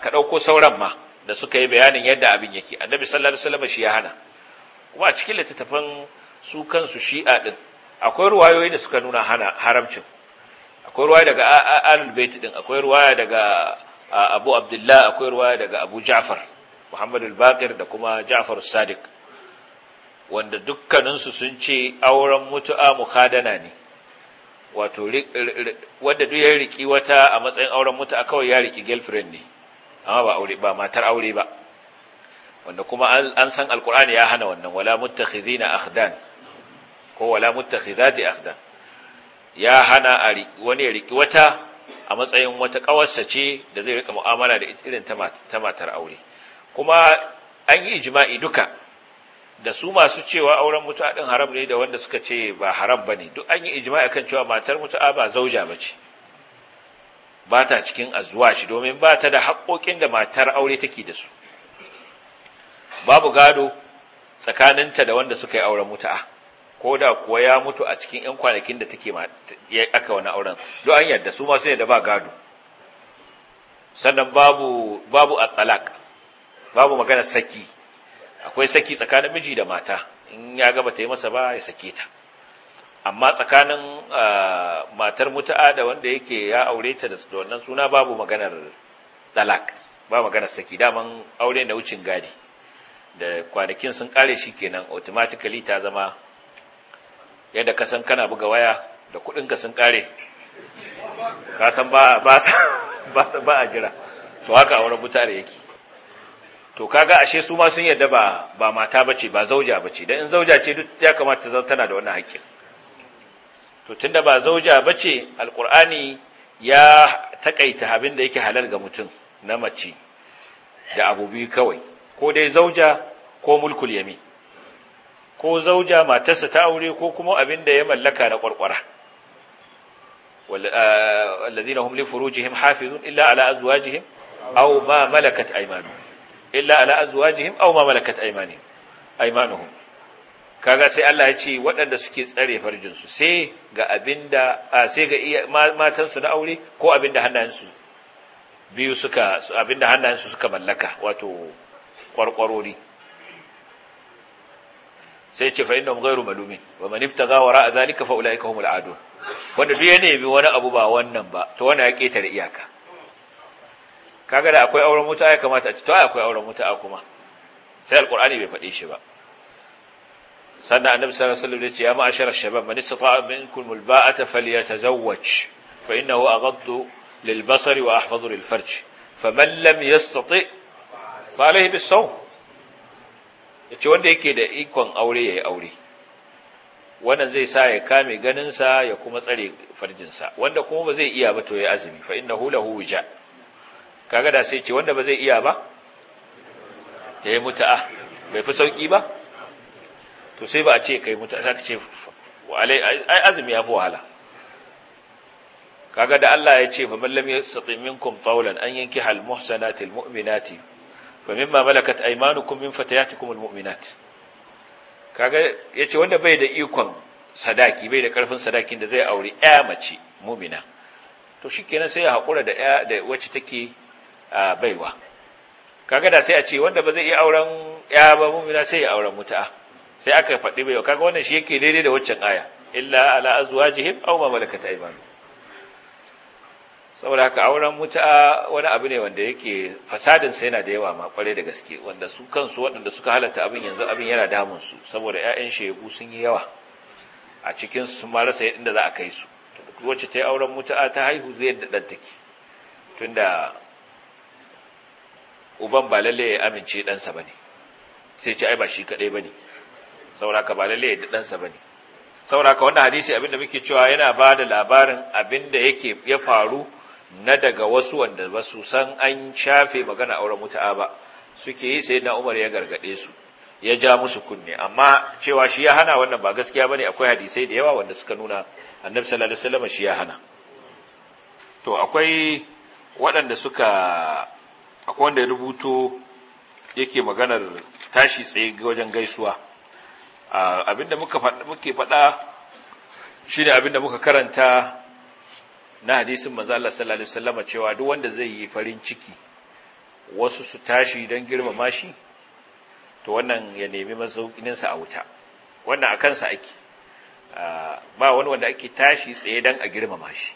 ka ɗauko sauran ma da suka yi bayanin yadda abin yake annabi sallallahu alaihi wasallam shi ya hana kuma a cikin littattafan su kansu shi'a din akwai ruwayoyi da suka nuna hana haramcin akwai ruwaya daga alul bait din akwai ruwaya daga abu abdullah akwai ruwaya daga abu ja'far muhammad al-baqir da kuma ja'far as-sadiq wanda dukkaninsu sun ce auren mutu'a mukhadana ne wato wanda duk ya riki wata a matsayin auren mutu'a kawai ya riki girlfriend ne amma ba aure ba matar aure ba wanda kuma an san alkur'ani ya hana wannan wala muttakhizina akhdan ko wala muttakhizati akhdan ya hana wani ya riki wata a matsayin wata kawarsa ce da zai rika mu'amala da irin ta matar aure kuma an yi ijma'i duka da su masu cewa auren mutu'a din haram ne da wanda suka ce ba haram bane duk an yi ijma'i kan cewa matar mutu'a ba zauja bace ba ta cikin azuwa shi domin ba ta da haƙoƙin da matar aure take da su babu gado tsakaninta da wanda suka yi auren mutu'a ko da kuwa ya mutu a cikin 'yan kwanakin da take aka wani auren don an yarda su masu da ba gado sannan babu babu atalak babu magana saki akwai saki tsakanin miji da mata in ya gaba ta yi masa ba ya sake ta amma tsakanin ah, matar mutu'a da wanda yake ya aure ta da wannan suna babu maganar dalak ba maganar saki daman aure na wucin gadi da kwanakin sun kare shi kenan automatically ta zama yadda ka san kana buga waya da kudinka sun kare ka san ba a jira to haka auren mutu'a da yake to kaga ashe su ma sun yadda ba ba mata bace ba zauja bace dan in zauja ce duk ya kamata tana da wannan haƙƙin to tunda ba zauja bace alqur'ani ya takaita abin da yake halal ga mutum na mace da abu kawai ko dai zauja ko mulkul yamin ko zauja matarsa ta aure ko kuma abin da ya mallaka na kwarkwara والذين هم لفروجهم حافظون إلا على أزواجهم أو ما ملكت أيمانهم إلا على أزواجهم أو ما ملكت أيمانهم أيمانهم kaga sai Allah ya ce waɗanda suke tsare farjinsu sai ga abinda a sai ga iya matansu na aure ko abinda hannayensu biyu suka abinda hannayensu suka mallaka wato kwarkwarori sai ce fa innahum ghayru malumin wa man ibtaga wara zalika fa ulaika humul adun wanda duk ya bi wani abu ba wannan ba to wani ya da iyaka kaga da akwai auren mutu'a ya kamata a ci to akwai auren mutu'a kuma sai alqur'ani bai faɗe shi ba sannan annabi sallallahu alaihi wasallam ya ce ya ma'ashara shabab man istata'a minkum alba'ata falyatazawwaj fa innahu aghaddu lilbasari wa ahfadhu lilfarj faman lam yastati fa alaihi bisawm yace wanda yake da ikon aure yayi aure wannan zai sa ya kame ganinsa ya kuma tsare farjinsa wanda kuma ba zai iya ba to ya azumi fa innahu lahu wija kaga da sai ce wanda ba zai iya ba yayi muta'a bai fi sauki ba to sai ba a ce kai mutu aka ce ai azumi ya fi wahala kaga da Allah ya ce fa Mallam ya yastati minkum tawlan an yanki hal muhsanati al mu'minati fa mimma malakat aymanukum min fatayatikum al mu'minat kaga yace wanda bai da ikon sadaki bai da karfin sadakin da zai aure ya mace mu'mina to shikenan sai ya hakura da ya da wacce take baiwa kaga da sai a ce wanda ba zai yi auren ya ba mu'mina sai ya auren muta'a sai aka faɗi bai kaga wannan shi yake daidai da waccan aya illa ala azwajihim aw ma malakat aymanu saboda haka auren muta wani abu ne wanda yake fasadin sai yana da yawa ma kware da gaske wanda su kansu waɗanda suka halatta abin yanzu abin yana damun su saboda ƴaƴan shegu sun yi yawa a cikin su ma rasa inda za a kai su To wacce ta yi auren mutuwa ta haihu zai da dan take tunda uban ba lalle ya amince ɗansa ba ne sai ce ai ba shi kaɗai bane sauraka ba lalle da ɗansa ba ne sauraka wannan hadisi abin da muke cewa yana ba da labarin abinda yake ya faru na daga wasu wanda ba su san an shafe magana auren mutu'a ba suke yi sai na umar ya gargaɗe su ya ja musu kunne amma cewa shi ya hana wannan ba gaskiya bane akwai hadisai da yawa wanda suka nuna annabi sallallahu alaihi wasallam shi ya hana to akwai waɗanda suka akwai wanda ya rubuto yake maganar tashi tsaye wajen gaisuwa abinda muka muke faɗa shine abinda muka karanta na hadisin manzo Allah sallallahu alaihi wasallam cewa duk wanda zai yi farin ciki wasu su tashi don girmama shi to wannan ya nemi mazauninsa a wuta wannan a kansa ake ba wani wanda ake tashi tsaye don a girmama shi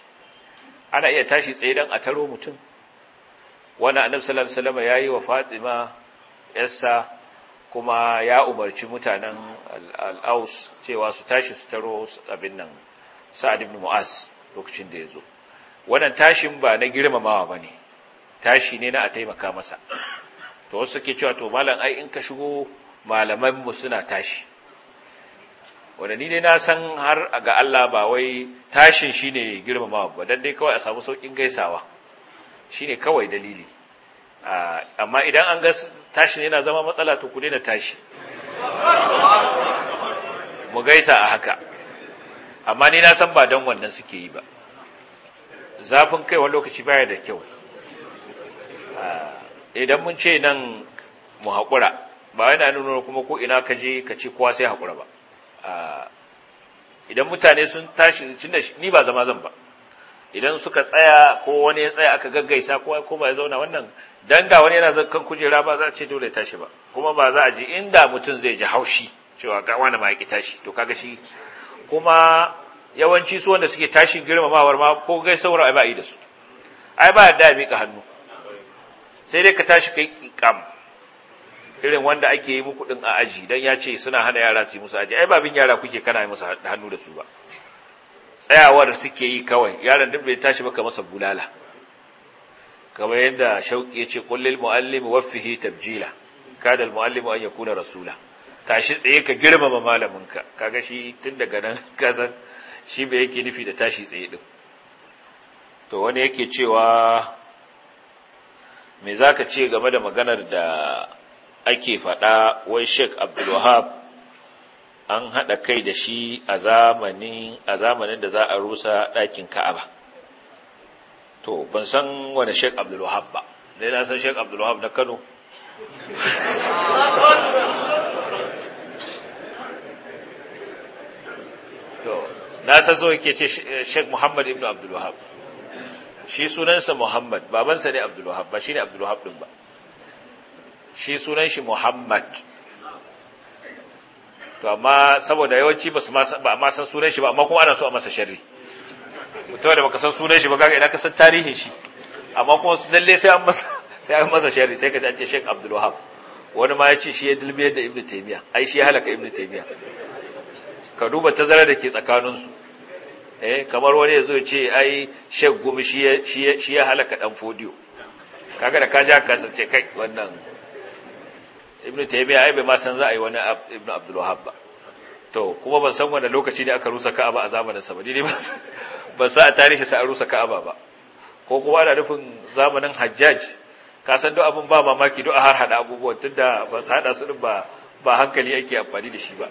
ana iya tashi tsaye don a taro mutum wani annabi sallallahu alaihi wasallam yayi wa Fatima yasa kuma ya umarci mutanen al'aus cewa su tashi su taro abin nan sa'ad ibn mu'az lokacin da ya zo wannan tashin ba na girmamawa ba ne tashi ne na a taimaka masa to wasu suke cewa to malam ai in ka shigo malaman mu suna tashi wanda ni dai na san har ga Allah ba wai tashin shine girmamawa ba dan dai kawai a samu saukin gaisawa shine kawai dalili ah, amma idan an ga tashin yana zama matsala to ku daina tashi mu gaisa a haka amma ni na san ba don wannan suke yi ba zafin kaiwa lokaci baya da kyau ah, idan mun ce nan mu haƙura ba yana nuna kuma ko ina ka je ka ce kowa sai haƙura ba ah, idan mutane sun tashi ni ba zama zan ba idan suka tsaya ko wani ya tsaya aka gaggaisa ko ko ba ya zauna wannan dan da wani yana kan kujera ba za a ce dole tashi ba kuma ba za a ji inda mutum zai ji haushi cewa ga wani ma yake tashi to kaga shi kuma yawanci su wanda suke tashin girmamawar ma ko gai saura ai ba yi da su ai ba da mika hannu sai dai ka tashi kai kikam irin wanda ake yi muku din a aji dan ya ce suna hana yara su yi musu aji ai ba bin yara kuke kana yi musu hannu da su ba tsayawar suke yi kawai yaron duk bai tashi ba ka masa bulala kamar yadda shauki ya ce kullil muallimi waffihi tabjila kada al muallimu an yakuna rasula tashi tsaye ka girmama malaminka kaga shi tun daga nan kasan shi bai yake nufi da tashi tsaye din to wani yake cewa me zaka ce game da maganar da ake faɗa wai Sheikh Abdul Wahab an haɗa kai da shi a zamanin a zamanin da za a rusa ɗakin Ka'aba to ban san wani Sheikh Abdul Wahab ba dai na san Sheikh Abdul Wahab na Kano to na san zo yake ce Sheikh Muhammad ibn Abdul wahab shi sunansa Muhammad babansa ne Abdul wahab ba shine Abdul wahab din ba shi sunan shi Muhammad to amma saboda yawanci ba su ma san sunan shi ba amma kuma ana so a masa sharri mutum da baka san sunan shi ba ga ina ka san tarihin shi amma kuma su lalle sai an masa sai an masa sharri sai ka ji an ce Sheikh Abdul wahab wani ma ya ce shi ya dilbiyar da Ibn Taymiyyah ai shi ya halaka Ibn Taymiyyah ka duba tazara da ke tsakaninsu eh kamar wani ya zo ce ai shek gumi shi ya halaka dan fodiyo kaga da ka ja ka sace kai wannan ibnu taymiya ai bai ma san za a yi wani ibnu abdul wahhab ba to kuma ban san wanda lokaci ne aka rusa ka'aba a zamanin sa ba dai ba sa a tarihi sa a rusa ka'aba ba ko kuma ana nufin zamanin hajjaj ka san duk abin ba mamaki duk a har hada abubuwan tunda ba su hada su din ba ba hankali ake amfani da shi ba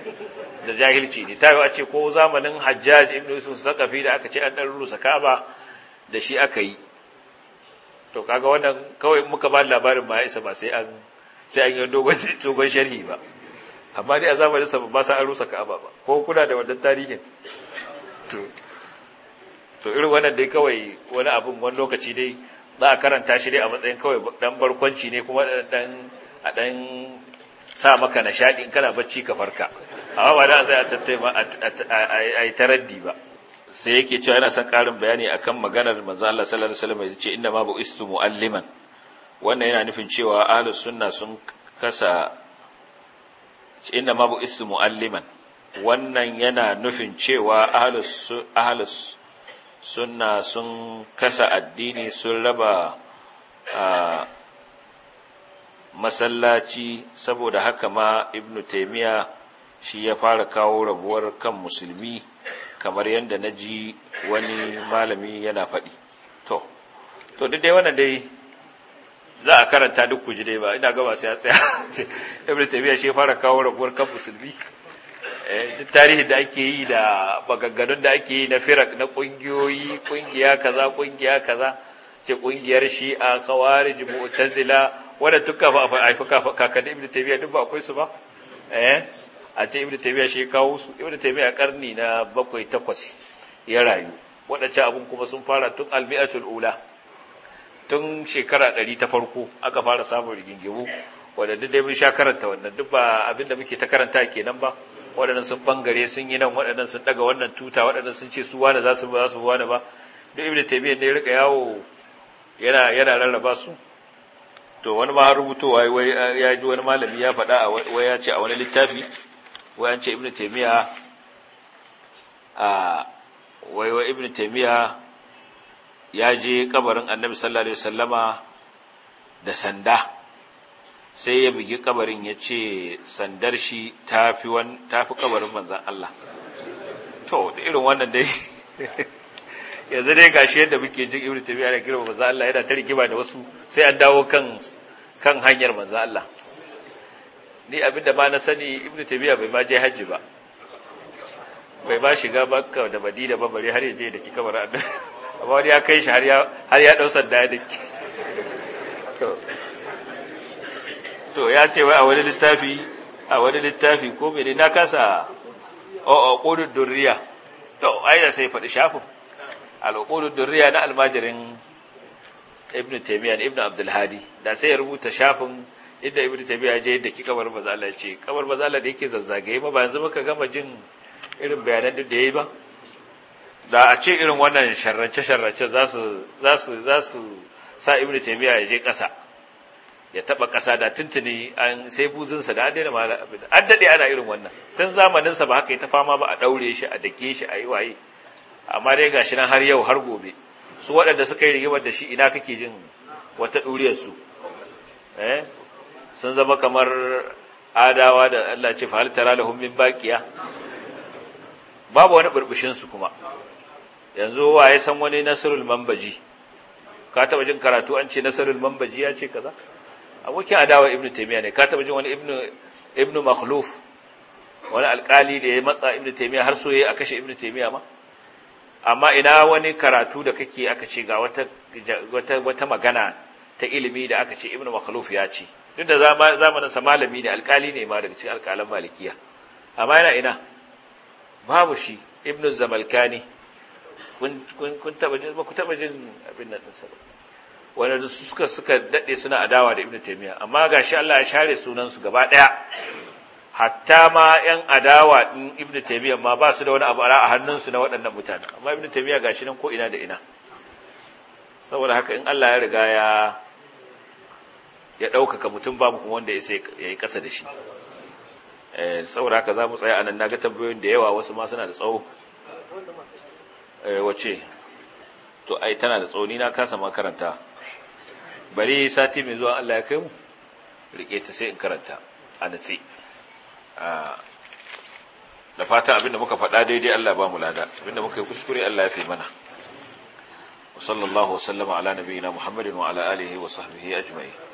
da jahilci ne tayo a ce ko zamanin hajjaj ibn yusuf sakafi da aka ce an dan rusa ka'aba da shi aka yi to kaga wannan kawai muka ba labarin ba isa ba sai an sai an yi dogon dogon sharhi ba amma dai a zamanin sa ba sa an rusa ka'aba ba ko kuna da wannan tarihin to to irin wannan dai kawai wani abun wani lokaci dai za a karanta shi dai a matsayin kawai dan barkwanci ne kuma dan a dan sa maka nishadi in kana bacci ka farka amma ba da za a tattaima a yi taraddi ba sai yake cewa yana son ƙarin bayani akan maganar manzo Allah sallallahu alaihi wasallam yace inna ma bu'istu mualliman wannan yana nufin cewa ahlus sunna sun kasa inna ma bu'istu mualliman wannan yana nufin cewa ahlus ahlus sunna sun kasa addini sun raba masallaci saboda haka ma ibn taymiya shi ya fara kawo rabuwar kan musulmi kamar yadda na ji wani malami yana faɗi to to duk dai wannan dai za a karanta duk ji dai ba ina gaba sai ya tsaya ibn taymiya shi ya fara kawo rabuwar kan musulmi eh, duk tarihi da ake yi da magagganun da ake yi na firak na kungiyoyi kungiya kaza kungiya kaza ce ƙungiyar shi'a khawarij mu'tazila wadda tun kafa a haifi kakannin ibn tabiya duk ba akwai su ba eh a ce ibn tabiya shi kawo su ibn tabiya karni na bakwai takwas ya rayu waɗancan abun kuma sun fara tun almi'atul ula tun shekara ɗari ta farko aka fara samun rigingimu wadda duk dai mun sha karanta wannan duk ba abin da muke ta karanta kenan ba waɗannan sun bangare sun yi nan waɗannan sun ɗaga wannan tuta waɗannan sun ce su wane za su ba za su wane ba duk ibn tabiya ne rika yawo yana yana rarraba su to wani ma rubutowa ya ji wani malami ya faɗa wai ya ce a wani littafi wai an ce ibn taimiyya a wai wai ibn taimiyya ya je kabarin annabi sallallahu alaihi wasallama da sanda sai ya bugi kabarin ya ce sandar shi tafi kabarin manzan Allah to irin wannan dai yanzu dai gashi yadda muke jin ibnu taymiya da girma manzo Allah yana ta rigima da wasu sai an dawo kan kan hanyar manzo Allah ni abinda ba na sani ibnu taymiya bai ma je haji ba bai ba shiga makka da madina ba bare har yaje da kika bara annabi amma wani ya kai shi har ya har ya dausar da ki to to ya ce wai a wani littafi a wani littafi ko bai na kasa o o kodin durriya to ai da sai faɗi shafin al'uqulud durriya na almajirin ibn taymiya da ibn Abdulhadi, hadi da sai ya rubuta shafin inda ibn taymiya je da ki kamar bazala ya ce kamar bazala da yake zazzagaye ba ba yanzu muka gama jin irin bayanan da yayi ba da a ce irin wannan sharrace sharrace za su sa ibn taymiya ya je kasa ya taba kasa da tuntuni an sai buzunsa da addaina ma an dade ana irin wannan tun zamanin sa ba haka ya ta fama ba a daure shi a dake shi a yi waye amma dai gashi nan har yau har gobe su waɗanda suka yi rigimar da shi ina kake jin wata ɗuriyarsu su eh sun zama kamar adawa da Allah ce fa'al da lahum min baqiya babu wani burbushin su kuma yanzu waye san wani nasrul mambaji ka taba jin karatu an ce nasrul mambaji ya ce kaza abokin adawa ibnu taymiya ne ka taba jin wani ibnu ibnu makhluf wani alkali da ya matsa ibnu taymiya har so ya a kashe ibnu taymiya ma amma ina wani karatu da kake aka ce ga wata wata magana ta ilimi da aka ce ibnu makhluf ya ce duk da zamanin sa malami ne alkali ne ma daga cikin alkalan malikiya amma yana ina babu shi ibnu zamalkani kun kun taba jin ba ku taba jin abin nan sa da suka suka dade suna adawa da ibnu taymiya amma gashi Allah ya share sunan su gaba daya hatta ma yan adawa ɗin ibn taymiya ma ba su da wani abu a hannunsu na waɗannan mutane amma ibn ga gashi nan ko ina da ina saboda haka in Allah ya riga ya ya ɗaukaka mutum babu kuma wanda ya yi ƙasa da shi eh, saboda haka za mu tsaya a nan na ga tambayoyin da yawa wasu ma suna da tsawo eh, wace to ai tana da tsawo ni na kasa ma karanta bari sati mai zuwa Allah ya kai mu rike ta sai in karanta a natsi Ah, da fata abinda muka faɗa daidai Allah ba mu lada abinda muka yi kuskure Allah ya fi mana wa sallallahu wa sallama ala nabiyina muhammadin wa ala alihi wa sahbihi ajma'in